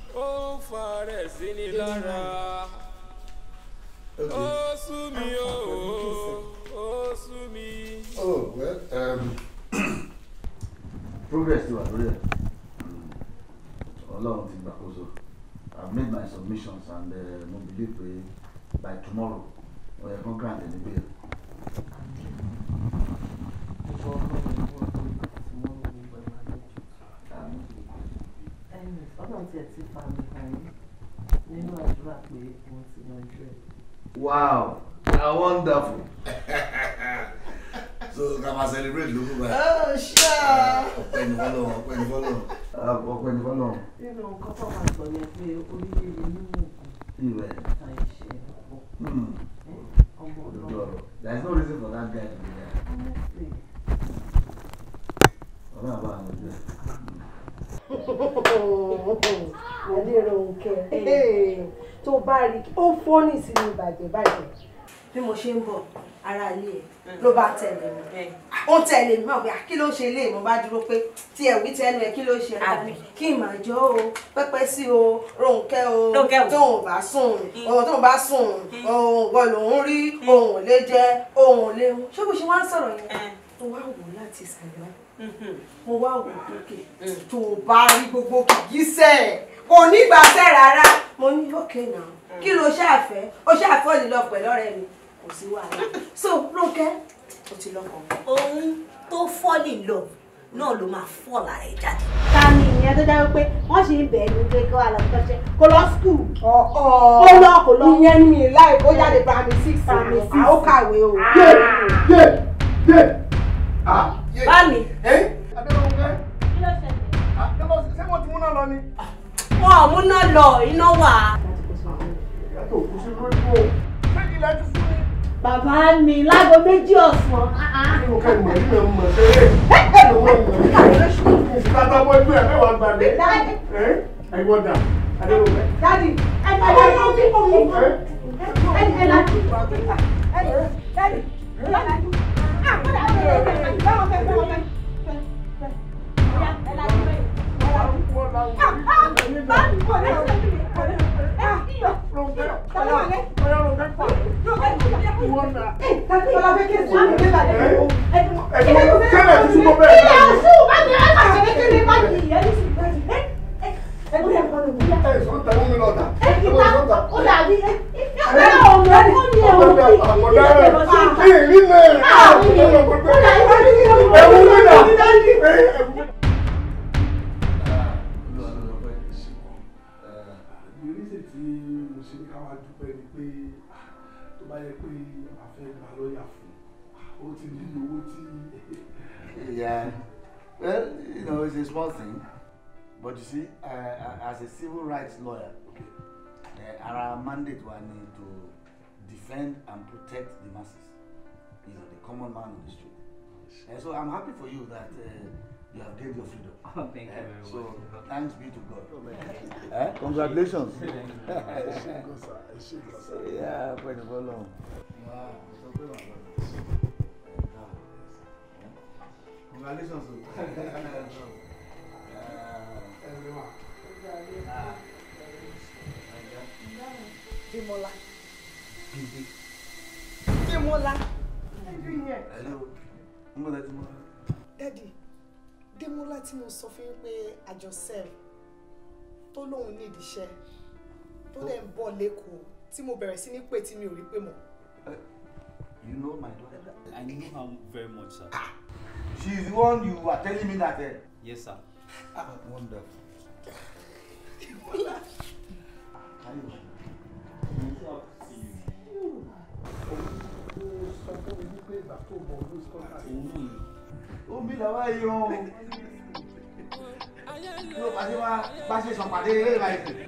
ó ń fa rẹ̀ sí ni lára ó sú mi ó ó sú mi. oh well um, progress ti wà lórí ẹ̀ ọlọ́run ti gbàkóso i've made my submissions and uh, mo believe pé by tomorrow ọ̀yẹ̀kan grant ẹ̀ níbí ẹ̀. wow na wonderful. so ká máa celebrate lóko báyìí. oh sure. ọpẹ́ ní fọlọ ọpẹ́ ní fọlọ ọpẹ́ ní fọlọ. nínú nǹkan tó máa sọ yẹn pé orílẹ̀-èdè nínú ògùn àìṣe ọ̀pọ̀ hmm. there is no reason for that guy to be there. ọlọ́run àbá àwọn ọjọ́ adéèrè òǹkẹ́ tó bá rí ó fọ́nì sí ní ìbàjẹ́ bàjẹ́ bí mo ṣe ń bọ̀ ara ilé ẹ̀ ló bá tẹ̀lé mi ó tẹ̀lé mi mọ̀ pé kí ló ṣe ilé mo bá dúró pé tí ẹ̀ wí tẹ́nu ẹ̀ kí ló ṣe ra mi kí n máa jọ o pẹ́pẹ́ sí o Rónkẹ́ o tóun bá sùn òun tóun bá sùn òun gbọ́ lòun rí òun lè jẹ òun lè mu ṣé bó ṣe wá ń sọ̀rọ̀ yẹn ó wá wò láti sàlẹ̀ mo wá òwò dókè tó o bá rí gbogbo kìgísẹ̀ kò ní gbàgbẹ́ rárá mo ní lókè náà kí ló ṣàfẹ́ ó ṣàfẹ́ òní lọ pẹ̀lú ọ̀rẹ́ mi kò sí wàhálà so Ronke o ti lọ́kọ. ohun tó fọ́ọ̀lì lọ náà ló máa fọ́ lára ẹ̀ jáde. ta ìyẹn tó dáwọ́ pé wọ́n ṣì ń bẹ̀ẹ́ ní pé kí wọ́n lọ tọ́jú kó lọ skul. kó lọ kó lọ. ìyẹn mi láì bó jáde primary six primary six. a kàwé o. yé yé yé. Ah bá mi. Adébọ̀nkẹ́. kí ló ṣẹlẹ̀. ṣé wọ́n ti múná lọ ni. wọn ò múná lọ iná wà. bàbá mi láago méjì ọ̀sán. Tàtàbọ̀ ẹgbẹ́ ẹ̀ mẹ́wàá gbàgbé. Ẹ̀wọ̀n dà. Adébọ̀nkẹ́. Dádì, ẹ̀ ẹ̀ ẹ̀ lọ́ọ́ tí kò mú. Ẹ̀ ẹ̀ láti. Dádì, ẹ̀ láti. Ẹ̀sùn tẹ́lẹ̀ tuntun tó bẹ̀rẹ̀. Ìyá ọ̀sùn bá mi rẹ́ pàṣẹ kékeré bá mi ìyẹn ní sùn ẹgbẹ́ ẹ̀kọ́ ni bí yàtọ̀ ìsọ̀ ń tẹ̀wọ́n mi lọ́dà. ẹ kì í ta ó dàbí ẹ ẹ ọ̀nà ẹ̀kọ́ ni ẹ̀wọ̀n ti ìdílé lọ sí ìta. ẹ rí mẹ́ ẹ ó dàbí ẹ ní ìlú ẹ̀wọ̀n mi nà. tó bá yẹ pé a fẹ́ gba lọ́ọ̀yà fún ó ti nílò owó tí. Yeah, well, you know, it's a small thing but you see uh, uh, as a civil rights lawyer uh, our mandate was to defend and protect the masses you know the common man on the street And so i'm happy for you that uh, you have gained your freedom oh, thank uh, you eh, very so much. thanks be to god oh, uh, congratulations yeah pẹ̀lú bọ́lọ̀. congratulations Bímọ́lá. Bíbí. Bímọ́lá. Bíbí yẹn. Hello. Mo lè ti mọ́. Dádì, Démọ́lá tí mo sọ fún yín pé àjọ SEF tó lóun ní ìdíṣẹ́ tó dẹ̀ ń bọ̀ lẹ́kọ̀ọ́ mo bẹ̀rẹ̀ sí ní pé tí mi ò rí pé eh, You know my daughter. I know her very much, sir. Ah, she's the one you were telling me that. Eh? Yes, sir. Ah, wonderful. How you Omi la wa yi o. Yóò bá ṣe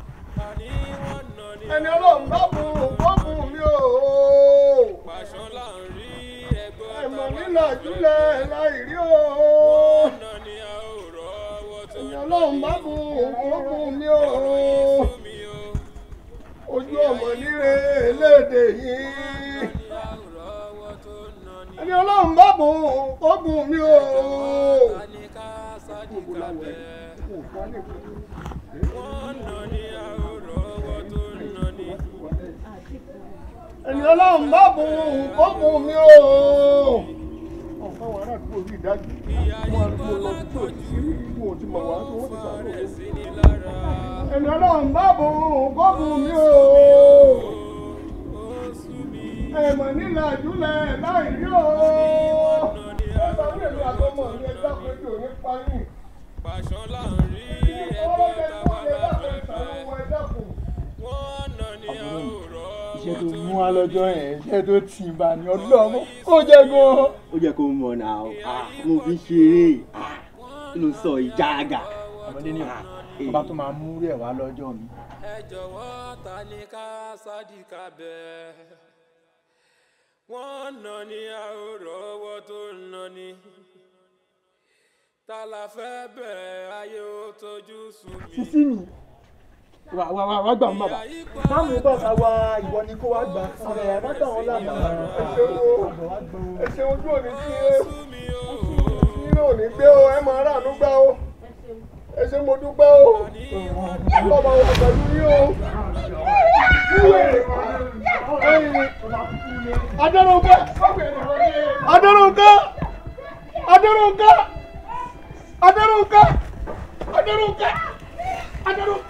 ẹni ọlọ́run bá mú bọ́ mú mi o. pàṣọ là ń rí ẹgbọ́n bàbá ẹ̀mọ̀ nílà júlẹ̀ láì rí o. ẹni ọlọ́run bá mú bọ́ mú mi o. ojú ọmọ níre léde yìí. ẹni ọlọ́run bá mú bọ́ mú mi o. wọ́n nọ ní ẹni ọlọ́run bá bò ó kó bò mí o. ọ̀pá wa ará àdúgbò rí ìdájú wọn àdúgbò lọ sí òtí ìgbò tí mọ̀ wá tó wọ́n ti sàánú. ẹni ọlọ́run bá bò ó kó bò mí o. ẹ̀mọ̀ nílà àjùlẹ̀ láì rí o. ẹ bá wúlò ní àgọ́mọ̀ ní ẹgbẹ́ àpéjọ ní parí. pàṣọ là ń rí ẹgbẹ́ tábàdà. mú wa lọ́jọ́ yẹn jẹ́ tó tì bá ní ọdún ọmọ kó jẹ́ gan. ó jẹ́ kó mọ̀ náà ah, mo fi ṣeré nínú ah, sọ ìjà àgà. ọmọdé ni ah, eh. ọba tó máa mú rẹ̀ wá lọ́jọ́ mi. ẹ jọ̀wọ́ ta ni ká sádìkà bẹ́ẹ̀ wọ́n nà ní àròrò ọwọ́ tó nà ní ta la fẹ́ bẹ̀rẹ̀ ayé ó tójú sùn mí. sísí mi wà wà wà wà gbà wọn bàbá. sáàmù bọ̀ ká wa ìwọ ni kó wá gbà ọ̀rọ̀ ẹ̀ má gbà wọn lànà. ẹ ṣe wo ẹ ṣe ojú òní sí ẹ nínú òní gbé o ẹ máa rà ánú gbá o ẹ ṣe mo dúpẹ́ o ọmọ wa pẹ̀lú yín o. adẹ́rùnká adẹ́rùnká adẹ́rùnká adẹ́rùnká adẹ́rùnká adẹ́rùnká.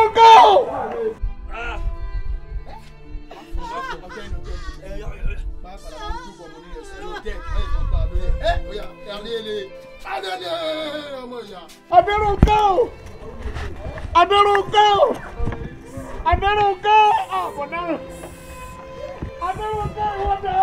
àlele àlele ọmọ ìyá. abẹ́rù kẹ́ o abẹ́rù kẹ́ o abẹ́rù kẹ́ àbọ̀dá ah, abẹ́rù kẹ́ ìwọ́dà.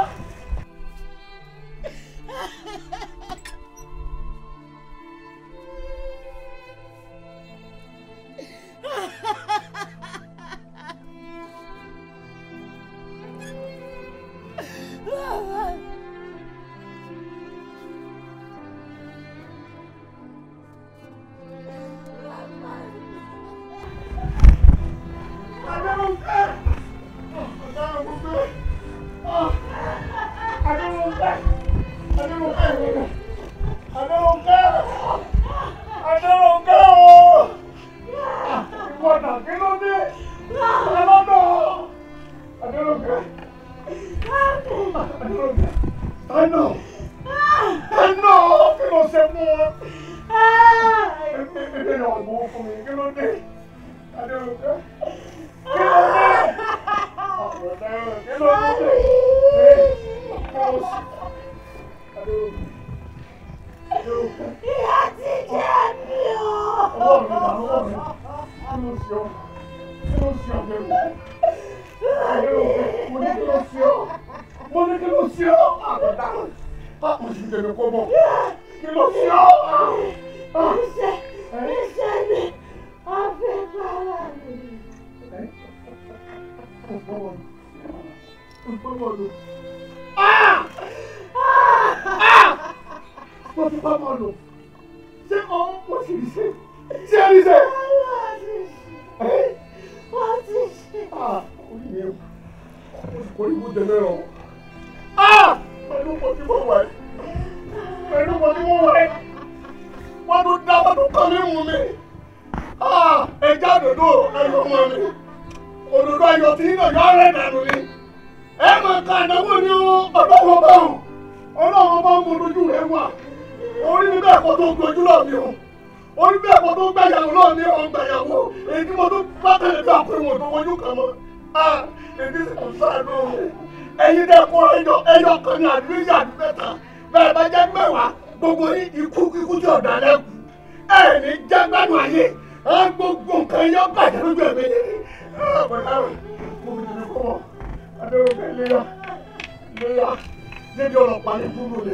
ẹjọ́ lọ pa ní búrú ni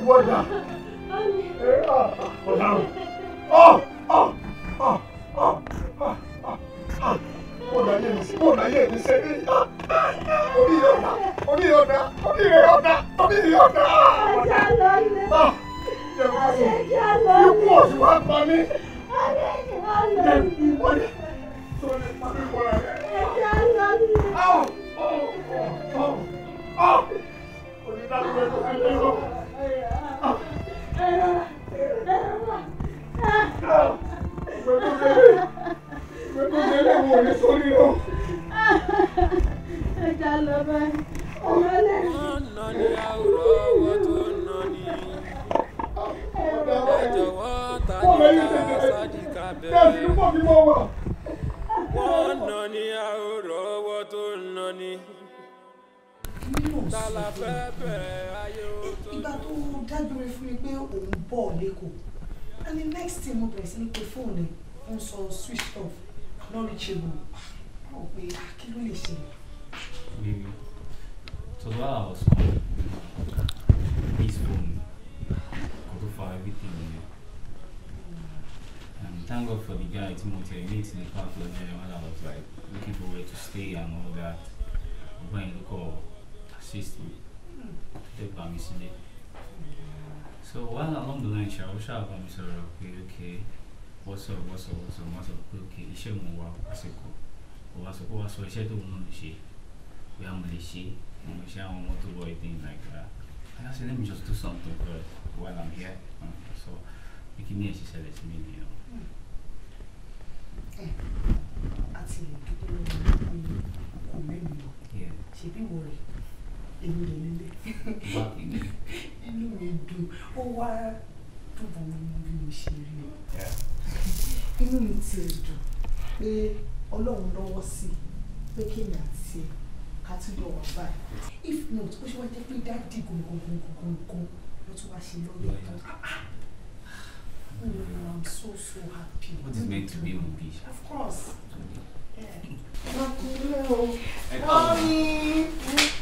ìwọ dà ọ̀daràn ọ̀ ọ̀ ọ̀ ọ̀ ọ̀dà yé mi sí ọ̀dà yé mi sí orí ọ̀dà orí ọ̀dà orí ọ̀dà orí ọ̀dà ọ̀dà ikú ọ̀sùn wa pa mí. Oh! pẹ̀lú wọn ò ní sórí lọ. ẹ já lọ báyìí ọmọ lẹ́yìn. ọ̀nà ni àwòrán ọwọ́ tó nà ní. ẹ jọ̀wọ́ ta ni ká sádìkà bẹ̀rẹ̀. ọ̀nà ni àwòrán ọwọ́ tó nà ní. ta la fẹ́ bẹ̀rẹ̀ ayé o tó. ìgbà tó dágbére fún mi pé òun bọ̀ lẹ́kọ̀ọ́ and the next thing my bẹ̀rẹ̀ sí ní pé fóònù ń sọ switch off not reachable Oh wait, I can't lè ṣe. Baby, so that I was calling, his phone got to for everything in there. Um, thank God for the guy Timothy, I met in the park last night when I was like looking for where to stay and all that. When he called, assist me, take permission there. So while along the line, ṣe àwòṣà bá mi sọ̀rọ̀ pé Okay, what's up what's up what's up wọ́n sọ pé ok iṣẹ́ mo wà àsìkò wọ́n wá sọ pé wọ́n sọ iṣẹ́ tó wọ́n lè ṣe pé àwọn lè ṣe àwọn iṣẹ́ àwọn mọ́tò boy anything like that. And I said let me just do something first while I'm here. So kí ni ẹ̀ṣin ṣẹlẹ̀ sí mi nìyẹn. ẹ àti ìdúpẹ́ lọ́wọ́ ọkùnrin mi lọ ṣèbí wo rẹ̀ èmi lè lélẹ̀ inú mi dùn ó wá dùbò mi bí mo ṣe rí o inú mi ti dùn pé ọlọ́run lọ́wọ́ sí pé kéèyàn àti ẹ̀ ká tún lọ wà báyìí if not ó ṣe wá jẹ́ pé dáàdì gbọ̀ngàn gbọ̀ngàn ló tún wá ṣe lọ́wọ́ ẹ̀ ah, ah. oh, I'm so so happy. What is meant to be will be. Of course. Yeah. Mommy.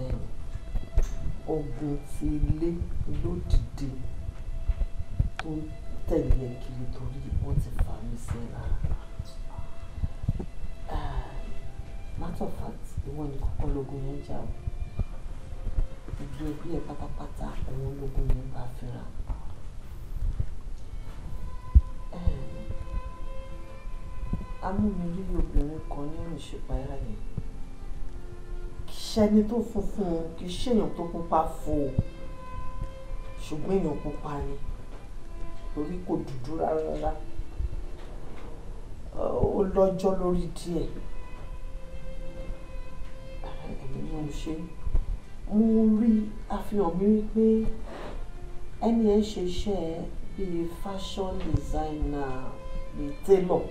mẹ́rin ogun ti ilé lódìde tó ń tẹ̀lé ẹ kiri torí wọ́n ti fà mí sí ẹ ah, matter of fact ìwọ ni kọ́kọ́ lógun yẹn jà o ìdí ẹbí ẹ pátápátá òun lógun yẹn bá fira. Eh, amúmirí obìnrin kan nínú ìṣèpáyà yẹn ṣẹni tó funfun kì í ṣèyàn tó pupa fò ó ṣùgbọ́n èèyàn pupa ni orí kò dúdú rárá ó lọ́jọ́ lórí díẹ̀ èmi ni mo ṣe mo rí àfihàn mi wípé ẹni ẹ ṣe iṣẹ́ bíi fashion designer bíi tailor.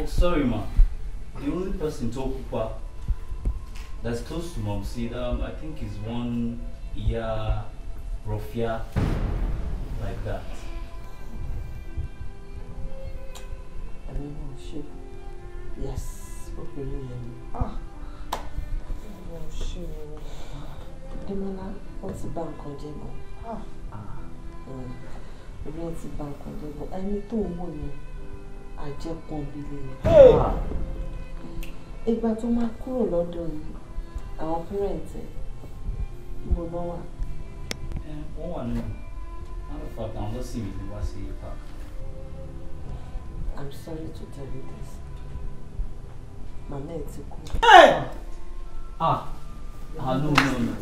oh sorry ma the only person tó pupa that's close to Momseed. Um, I think he's one year roughia like that. I mean, ah. oh shit. Yes, what really mean? Ah. Oh what's the bank on Jebo? Ah. Ah. Mm. What's the bank on Jebo? I need to I just can't believe it. Hey! Ah. Ìgbà tó máa kúrò lọ́dọ̀ yìí àwọn pẹrẹntì mo wọ́n wà nínú wọ́n lè fa àwọn lọ́sìn mi wá sí park. I'm sorry to tell you this màmá ẹ ti kú. ah ah no no no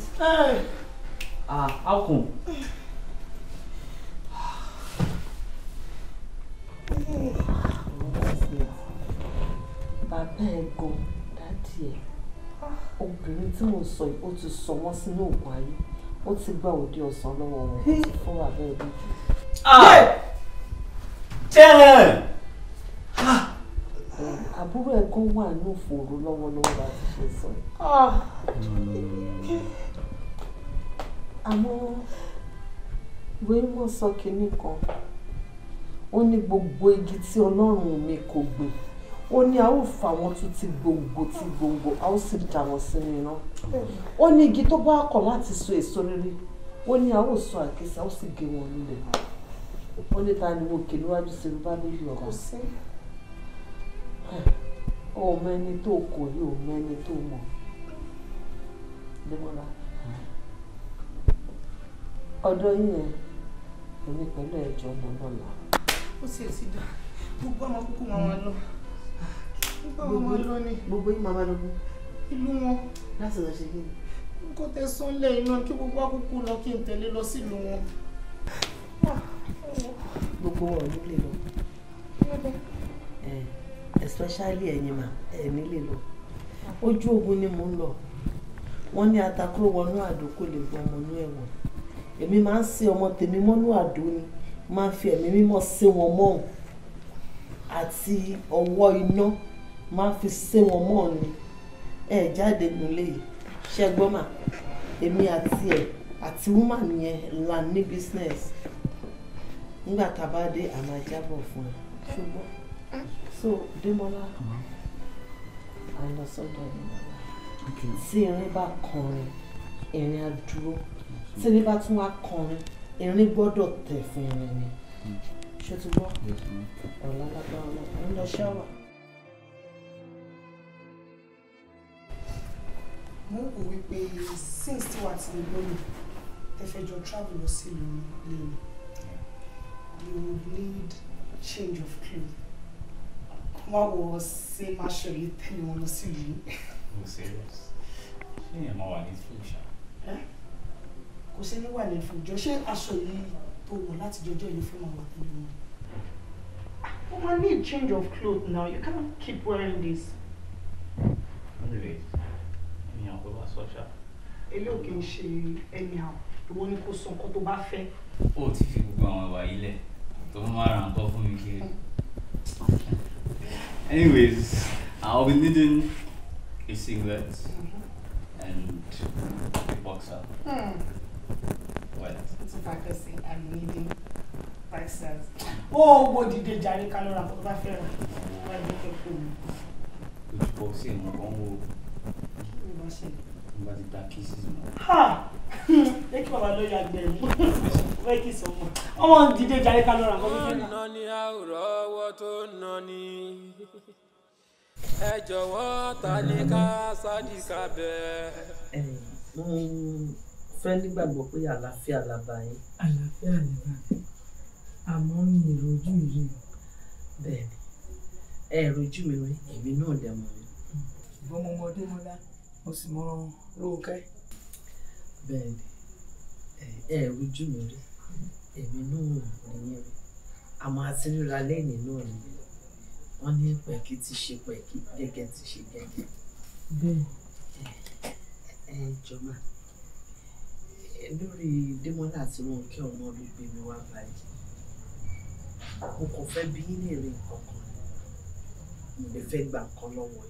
ah how come. bàbá ẹ̀ gan dádì ẹ̀ obìnrin tí mò sọ yìí ó ti sọ wọ́n sínú òògùn ayé ó ti gba òde ọ̀sán lọ́wọ́ wọn ó ti fún abẹ́ ẹbí jù. àbúrò ẹ̀ kan wà ní òfòòró lọ́wọ́lọ́wọ́ bá ti ṣe sọ yìí. Ah! Ah! àmọ́ wéémọ̀ sọ kinní kan ó ní gbogbo igi tí ọlọ́run mi kò gbìn ó ní a ó fa wọn tún ti gbòǹgbò ti gbòǹgbò a ó sì dà wọn sínú iná ó ní igi tó bá kọ̀ láti so èso rere ó ní a ó sọ àkísà ó sì gé wọn lulẹ̀ ó ní ta ni mo kè níwájú sí bá lórí ọ̀rọ̀ ó mẹ́ni tó kò yìí ó mẹ́ni tó mọ̀ lẹ́mọ́lá ọ̀dọ̀ yìnyẹn èmi pẹ̀lú ẹ̀jọ̀ mọ́ lọ́la. ó sì ti dà gbogbo ọmọ kúkú wọn wọn lọ báwo máa lọ ni. gbogbo yìí máa bá lọ́gbọ́n. ìlú wọn. láti lọ ṣe kí ni. nǹkan tẹ sọ́nlẹ̀ iná kí gbogbo àkókò lọ kí n tẹ̀lé lọ sílùú wọn. gbogbo wọn ò ní lè lọ. Eh, especially ẹ̀yin mà ẹ̀ ní lè lọ. ojú ogun ni mò ń lọ wọ́n ní atakúrò wọnú àdó kò lè gbọ́ ọmọ inú èmi máa ń sin ọmọ tèmi mọ́nú àdó ni máa ń fi ẹ̀mí mímọ́ sí wọn mọ́ àti ọwọ́ iná máa fi sé wọn mọ́ ni ẹ jáde nílé yìí ṣẹ́gbọ́n mà èmi àti ẹ̀ àti woman yẹn là ní business nígbà tá a bá dé a máa jábọ̀ fún ẹ ṣùgbọ́n so Démọ́lá à ń lọ sọ́dọ̀ Démọ́lá tí irin bá kọrin irin á dúró tí irin bá tún wá kọrin irin gbọ́dọ̀ tẹ̀ fún irin ni mm. ṣé tí gbọ́ ọ̀la lágbára ń lọ ṣáwà. mo ń wò wípé since tí wàá ti lónìí tẹfẹjọ travel lọ sí ìlú lẹ́yìn you need change of clothes wọn wọ ṣe máa ṣọlẹ tẹ̀lé wọn lọ sí ìlú. no oh, serious ṣé èèyàn máa wà ní fún ìṣá. kò sí ní wà ní fún ìjọ ṣé aṣọ yìí tó wọ̀ láti jọjọ ìlú fún ọmọ tẹ̀lé wọn. ó ah, máa need change of clothes now you cannot keep wearing this. Anyway ìyàn pé wàá sọ ṣá. eléyò kì í ṣe ẹni àwọn ìwọ ni kò sọ nǹkan tó bá fẹ́. ó ti fi gbogbo àwọn ìwà yìí lẹ̀ tó máa ra nǹkan fún mi kiri. anyways i'll be needing a singlet mm -hmm. and a boxer. Mm. what. it's i'm needing prices. ó wo dìde jàre ká lọ ra nǹkan tó bá fẹ́ rà. which boxing mo kàn ń wo ha ẹ kí bàbá lọ́ọ́ yà gbẹ̀ mú ẹ kí sọ mọ́ ọmọ dìde jáde ká a ò rọ́wọ́ tó nà fẹ́ nígbàgbọ́ pé àlàáfíà la bá yín. àlàáfíà la bá yín àmọ́ mi ì rojú ìrì. bẹ́ẹ̀ni ẹ rojú mi rí èmi náà dẹ̀ mọ́ mi. bọ́mọ mọ́lá mo sì mọ Rónkẹ́. bẹ́ẹ̀ni ẹ ẹ rojú mi rí èmi náà nìyẹn rí àmọ́ àti ríra lẹ́yìn náà ni wọ́n ní pẹ̀kí ti ṣe pẹ̀kí gẹ́gẹ́ ti ṣe gẹ́gẹ́. bẹ́ẹ̀ ẹ jọ̀mọ́ lórí Démọ́lá tí wọ́n kí ọmọ ló gbé mi wá báyìí mo kò fẹ́ bí ní èrè mo lè fẹ́ gbà nǹkan lọ́wọ́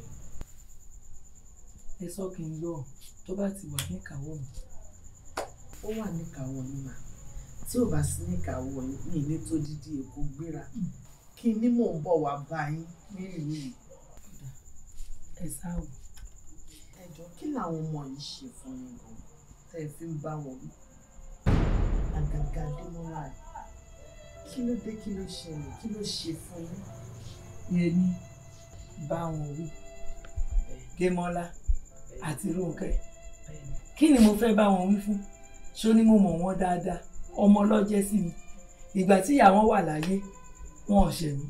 ẹ sọ kí n gbọ́ tó bá ti wà níkàáwọ́ mi. ó wà níkàáwọ́ mi mà tí ò bá sí níkàáwọ́ mi ní tó dídí èkó gbéra kí ni mò ń bọ̀ wá bá yín nílùú yìí. ẹ sáwọ. ẹ jọ kí làwọn ọmọ yìí ṣe fún mi gan tẹ́ ẹ fi ń bá wọn wí àgàgà adémọlá rẹ kí ló dé kí ló ṣẹlẹ̀ kí ló ṣe fún yín. yẹmi bá wọn wí démọlá àti Rónkẹ́ kí ni mo fẹ́ bá wọn wí fún ṣó ni mo mọ̀ wọ́n dáadáa ọmọ ọlọ́jẹ́ sí mi ìgbà tí ìyá wọn wà láyé wọn ò ṣẹ̀ mí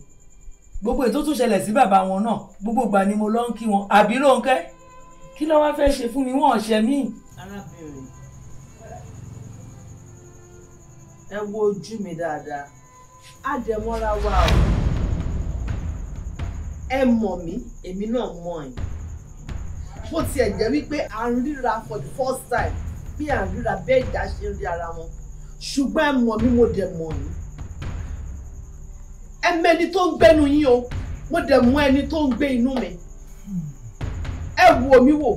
gbogbo ètò tó ṣẹlẹ̀ sí bàbá wọn náà gbogbo ìgbà ni mo lọ ń kí wọn àbí Rónkẹ́ kí ló wá fẹ́ ṣe fún mi wọn ò ṣẹ̀ mí. arábìnrin ẹ wo ojú mi dáadáa á dẹ mọ́ra ẹ mọ̀ mí èmi náà mọ̀ yín bó tiẹ̀ jẹ́ wípé à ń ríra for the first time bí à ń ríra bẹ́ẹ̀ ìdá ṣe ń rí ara wọn ṣùgbọ́n ẹ mọ̀ mí mo dẹ̀ mọ̀ yín ẹ mẹ́ni tó ń gbẹ́nu yín o mo dẹ̀ mọ̀ ẹni tó ń gbé inú mi ẹ wò mí wò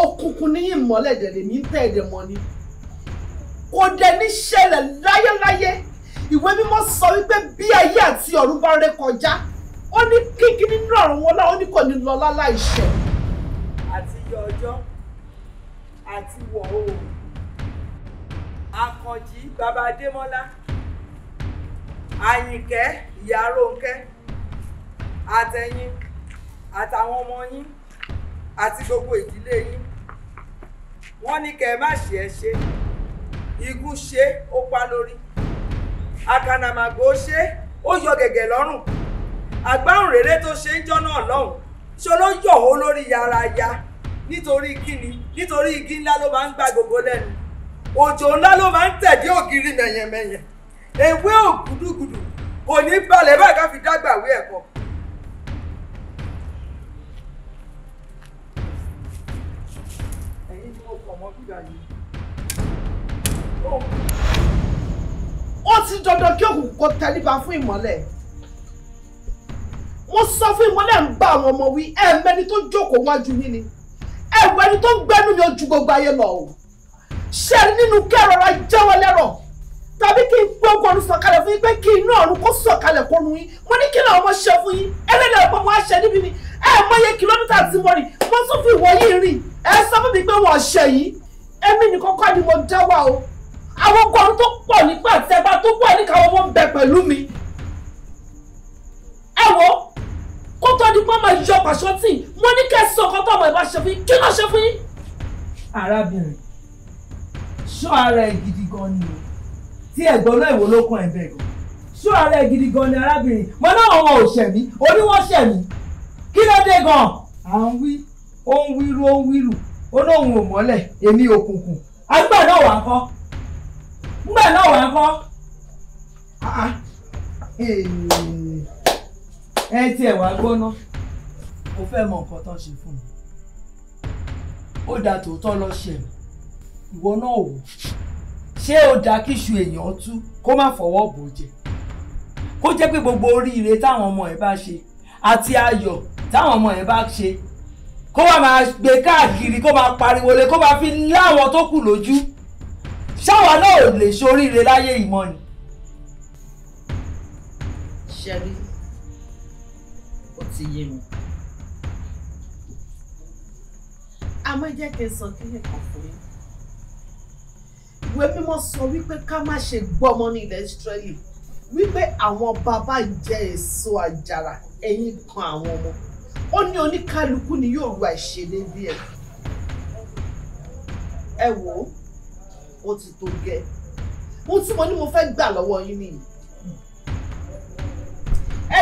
òkùnkùn níyìn mọ́lẹ̀ dẹ̀ lèmi ń tẹ̀ ẹ̀dẹ̀ mọ́ ni kò dẹ̀ ní ṣẹlẹ̀ láyéláyé ìwé mímọ́ sọ wípé bí ayé àti ọ̀run bá ré kọjá ó ní kíkí nínú ọ̀run wọn láwọn ní ní lọ láláìṣẹ̀ ọjọ́ àti wọ̀ oòrùn àkànjì baba adémọ́lá àyìnkẹ́ ìyá rónkẹ́ àtẹ̀yìn àtàwọn ọmọ yín àti gbogbo ìdílé yín wọ́n ní kẹ́ ẹ má ṣe ẹ ṣe igun ṣe ó pa lórí àkànàmàgbò ṣe ó yọ gẹ̀gẹ̀ lọ́rùn àgbáhùn rere tó ṣe ń jọ́ náà lọ́hùn ṣe ló yọ̀ ó lórí yàrá ya. Raya nítorí kíni nítorí igi ńlá ló máa ń gba gbogbo lẹ́nu òjò ńlá ló máa ń tẹ̀dí ògiri mẹ̀yẹ̀mẹ̀yẹ̀ ewé ògùdùgùdù kò ní balẹ̀ báyìí ká fi dágbà wé ẹ̀kọ́. ni mo kọ̀ mọ́ bíbá yìí. ó ti dandan kí òkùnkùn kó tẹríba fún ìmọ́lẹ̀ wọ́n sọ fún ìmọ́lẹ̀ ń bá àwọn ọmọ wí ẹ̀ẹ́mẹ́ni tó jókòó wájú yín ni ẹ̀wù ẹni tó ń gbẹ́nu mi ojú gbogbo ayé lọ o ṣe rí nínú kẹrọra jẹ́wọ́ lẹ́rọ̀ tàbí kí n pé ogun ọ̀run sọ̀kalẹ̀ fún yín pé kí inú ọ̀run kó sọ̀kalẹ̀ kó nu yín mo ní kí ni àwọn ọmọ ṣe fún yín ẹlẹ́dẹ̀ ọ̀pọ̀ mo á ṣe níbi mi ẹ mọye kìlómítà tí mo rìn mo tún fi ìwọ yìí rìn ẹ sọ fún mi pé wọn ṣe yìí èmi nìkan kọ́ ni mo jẹ́wọ́ o àwọn ogun ọ̀run tó pọ̀ nípa àtẹ́gbá tó pọ̀ níkàwọ́ wọn bẹ pẹ̀lú mi ẹ wọ́n kó tó di pé máa yọ pàṣọ tì mo ní kẹsàn kan tó ọmọ ìbá ṣe fún yín kí ló ṣe fún yín. arábìnrin ṣọ́ ara ẹ̀ gidi gan ni o tí ẹ̀gbọ́n náà ìwò ló kàn ẹ̀ bẹ́ẹ̀ gan ṣọ́ ara ẹ̀ gidi gan ni arábìnrin mo náà wọn ò ṣẹ̀mí oníwọ̀n ṣẹ̀mí kí ló dé gan. à ń wí ó ń wíru ó ń wíru ó lóun ò mọ́lẹ̀ èmi òkùnkùn àgbà náà wà kọ́ ngbà náà wà kọ́. Ah, ah ẹ tiẹ̀ wá gbóná mo fẹ́ mọ nǹkan tán ṣe fún mi ó dáa tòótọ́ lọ ṣe ìwọ náà wò ṣé ó dáa kíṣu èèyàn tú kó má fọwọ́ bò jẹ kó jẹ́ pé gbogbo oríire táwọn ọmọ ẹ̀ bá ṣe àti ayọ̀ táwọn ọmọ ẹ̀ bá ṣe kó wá máa gbé káàkiri kó máa pariwo lé kó máa fi láwọn tó kù lójú ṣáwa náà ò lè ṣoríire láyé ìmọ̀ ni. ṣẹ́rí ti yé mi àmọ́ jẹ́ kí n sọ kí n kàn fún yín ìwé mímọ́ sọ wípé ká má ṣe gbọ́mọ ní ilẹ̀ Ísírẹ́lì wípé àwọn bàbá jẹ èso àjàrà ẹ̀yìn kan àwọn ọmọ ó ní oníkálukú ni yóò ru àìṣedéédé ẹ̀ ẹ wò ó ti tó gẹ́ ohun tí mo ní mo fẹ́ gbà lọ́wọ́ yín nìyí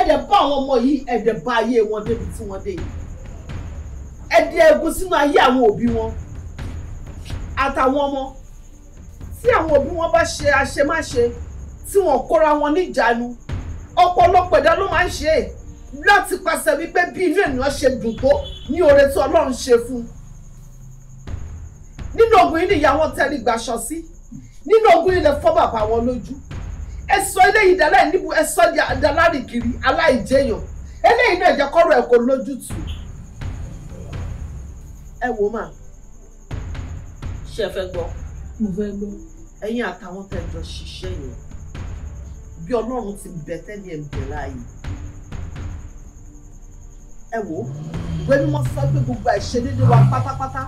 ẹ̀dẹ̀ bá àwọn ọmọ yìí ẹ̀dẹ̀ bá ayé wọn débi tí wọ́n dé yìí ẹ̀dẹ̀ ẹ̀gún sínú ayé àwọn òbí wọn àtàwọn ọmọ tí àwọn òbí wọn bá ṣe àṣemáṣe tí wọ́n kóra wọn níjàánu ọ̀pọ̀lọpọ̀ ẹ̀dá ló máa ń ṣe é láti pàṣẹ wípé bí inú ènìyàn ṣe dùn tó ní oore tí Ọlọ́run ṣe fún un nínú ogun yìí nìyá wọn tẹrí gbaṣọ sí nínú ogun yìí lè fọ́ bàbá wọn lójú ẹ sọ eléyìí dáláì níbu ẹ sọ dáláì kiri aláìjẹyàn eléyìí náà jẹ́ kọ́rọ̀ ẹ̀ kò lójútùú ẹ wò mà ṣe fẹ́ gbọ́ mo fẹ́ gbọ́ ẹ̀yin àtàwọn tẹ̀jọ ṣiṣẹ́ yẹn bí ọlọ́run ti bẹ̀ tẹ́lẹ̀ ẹ̀ bẹ̀ láàyè ẹ wò ó ìwé mímọ́ sọ pé gbogbo àìṣedéédé wa pátápátá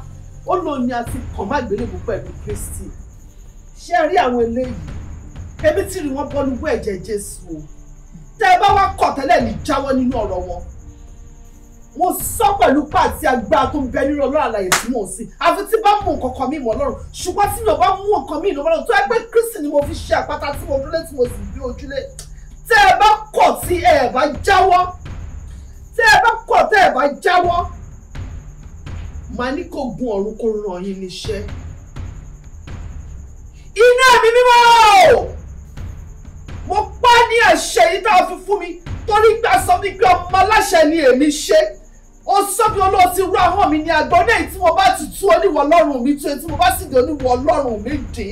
ó lò ní àti kàn má gbélébùú pẹ̀lú Kristi ṣé ẹ rí àwọn eléyìí ebi tí wọn bọ́ nínú ẹ̀jẹ̀ Jésù o tẹ́ ẹ bá wá kọ̀ tẹ́lẹ̀ ní jáwọ́ nínú ọ̀rọ̀ wọn mo sọ pẹ̀lú pàtí agbára tó ń bẹ nínú ọlọ́run àlàyé tí mò ń sìn àfi tí bá mú nǹkan kan mí mọ́ ọlọ́run ṣùgbọ́n tí mi ò bá mú nǹkan mí lọ́wọ́ lọ́run tó ẹgbẹ́ Kristi ni mo fi ṣe àpáta tí mo dúró tí mo sì bí ojúlé tẹ́ ẹ bá kọ̀ tí ẹ bá jáwọ́ tẹ́ ẹ bá kọ̀ tẹ́ ẹ bá jáwọ́ màá ní kó gun ọ̀run kó ràn yín níṣẹ́ iná mi mímọ́ mo pa ní àṣẹ yìí tá a fi fún mi torí pé a sọ wípé ọmọ aláṣẹ ni èmi ṣe ó sọ bí olóò ti rú ahọ́n mi ní àgbọ̀n náà tí mo bá ti tú oníwọ̀ ọlọ́run mi tú etí mo bá sì dé oníwọ̀ ọlọ́run mi dé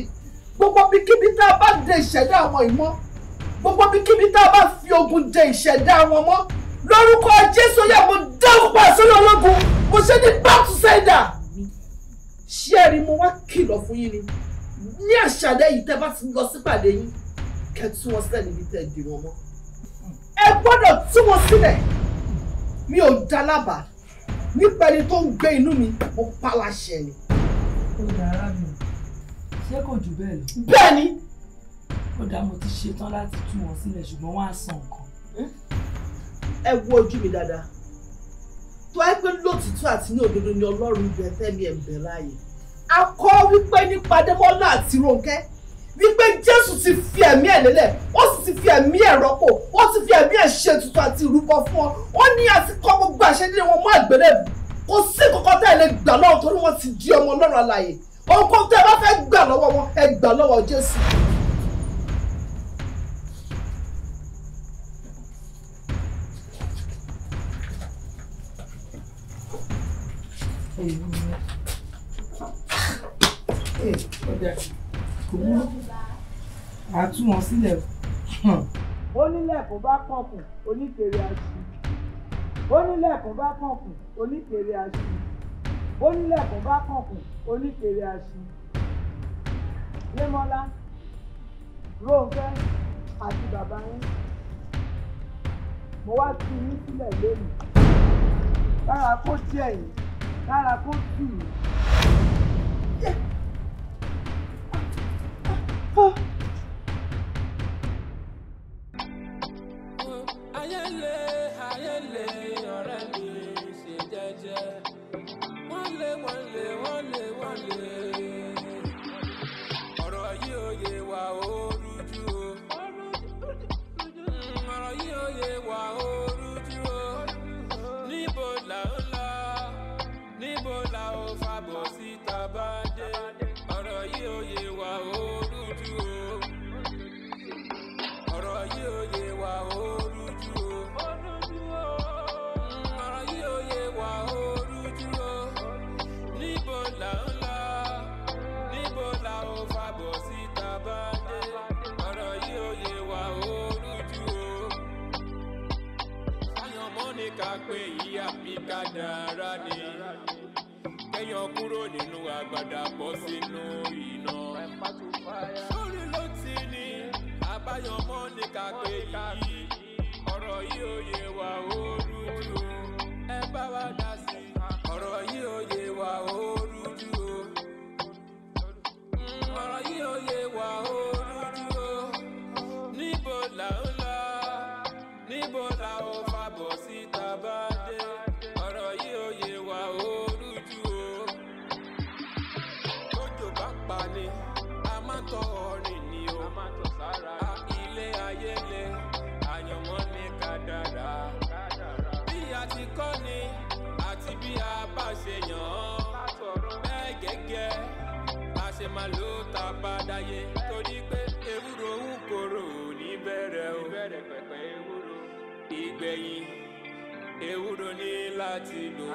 gbogbo bíkíbi tá a bá de ìṣẹ̀dá àwọn ìmọ̀ gbogbo bíkíbi tá a bá fi ogun de ìṣẹ̀dá àwọn ọmọ lórúkọ jésù yẹ mo dáhùn pa sórí ológun mo ṣe ní back to sender ṣé ẹ rí mo wá kìlọ̀ fún yín ni ní àṣálẹ́ yìí tẹ́ bá ti lọ sípàdé yín kẹ́ tú wọn sílẹ̀ níbi tẹ́ dè wọn mọ́ ẹ gbọ́dọ̀ tú wọn sílẹ̀ mi ò dalábà nípa ẹni tó ń gbé inú mi mo pa láṣẹ ni. ó dà arábìnrin ṣé kò jù bẹ́ẹ̀ lọ. bẹ́ẹ̀ ni. ó dà mo ti ṣetán láti tú wọn sílẹ̀ ṣùgbọ́n wọ́n á san nǹkan. ẹ wo ojú mi dáadáa tó ẹ pé lótìtọ́ àti ní òdodo ni ọlọ́run bẹ fẹ́mi ẹ̀ ń bẹ̀ láàyè. a wípé nípa Adémọ́lá àti Rónkẹ́ wípé jésù ti fi ẹ̀mí ẹ̀ lélẹ̀ ó sì ti fi ẹ̀mí ẹ̀ rọ́pò ó ti fi ẹ̀mí ẹ̀ ṣe tuntun àti ìrúbọ fún ọ ó ní àti kọ́ gbogbo àṣẹdílé wọn mọ́ àgbélébù kò sí kọ́kọ́ tẹ́ ẹ lè gbà lọ́wọ́ torí wọ́n ti di ọmọ ọlọ́run alààyè ohunkóhun tẹ́ ẹ bá fẹ́ gbà lọ́wọ́ wọn ẹ gbà lọ́wọ́ jésù. Hey, hey, hey, hey, hey, a tú wọn sílẹ̀. ó nílẹ̀kùn bá pọ̀kùn oníkèrè àṣì ó nílẹ̀kùn bá pọ̀kùn oníkèrè àṣì ó nílẹ̀kùn bá pọ̀kùn oníkèrè àṣì. lémọ́lá róńkẹ́ àti bàbá yín mo wá tú yín sílẹ̀ lónìí lára kó tiẹ̀ yìí lára kó tù yìí. Oh. dára ni kéèyàn kúrò nínú àgbàdà bọ́ sínú iná. sórí ló ti ní abáyọmọ́ ní kàpé yìí ọ̀rọ̀ yìí ò yé wa ó rújú ẹ bá wa dá sí i ọ̀rọ̀ yìí ò yé wa ó rújú mm, ọ̀rọ̀ yìí ò yé wa ó rújú níbo là ń lọ níbo là ó fàbọ̀ síta báyìí. dáyé torí pé ewúro ń korò ní bẹ̀rẹ̀ o ìbẹ̀rẹ̀ pẹ̀pẹ̀ ewúro ìgbẹ̀yìn ewúro ní láti lò.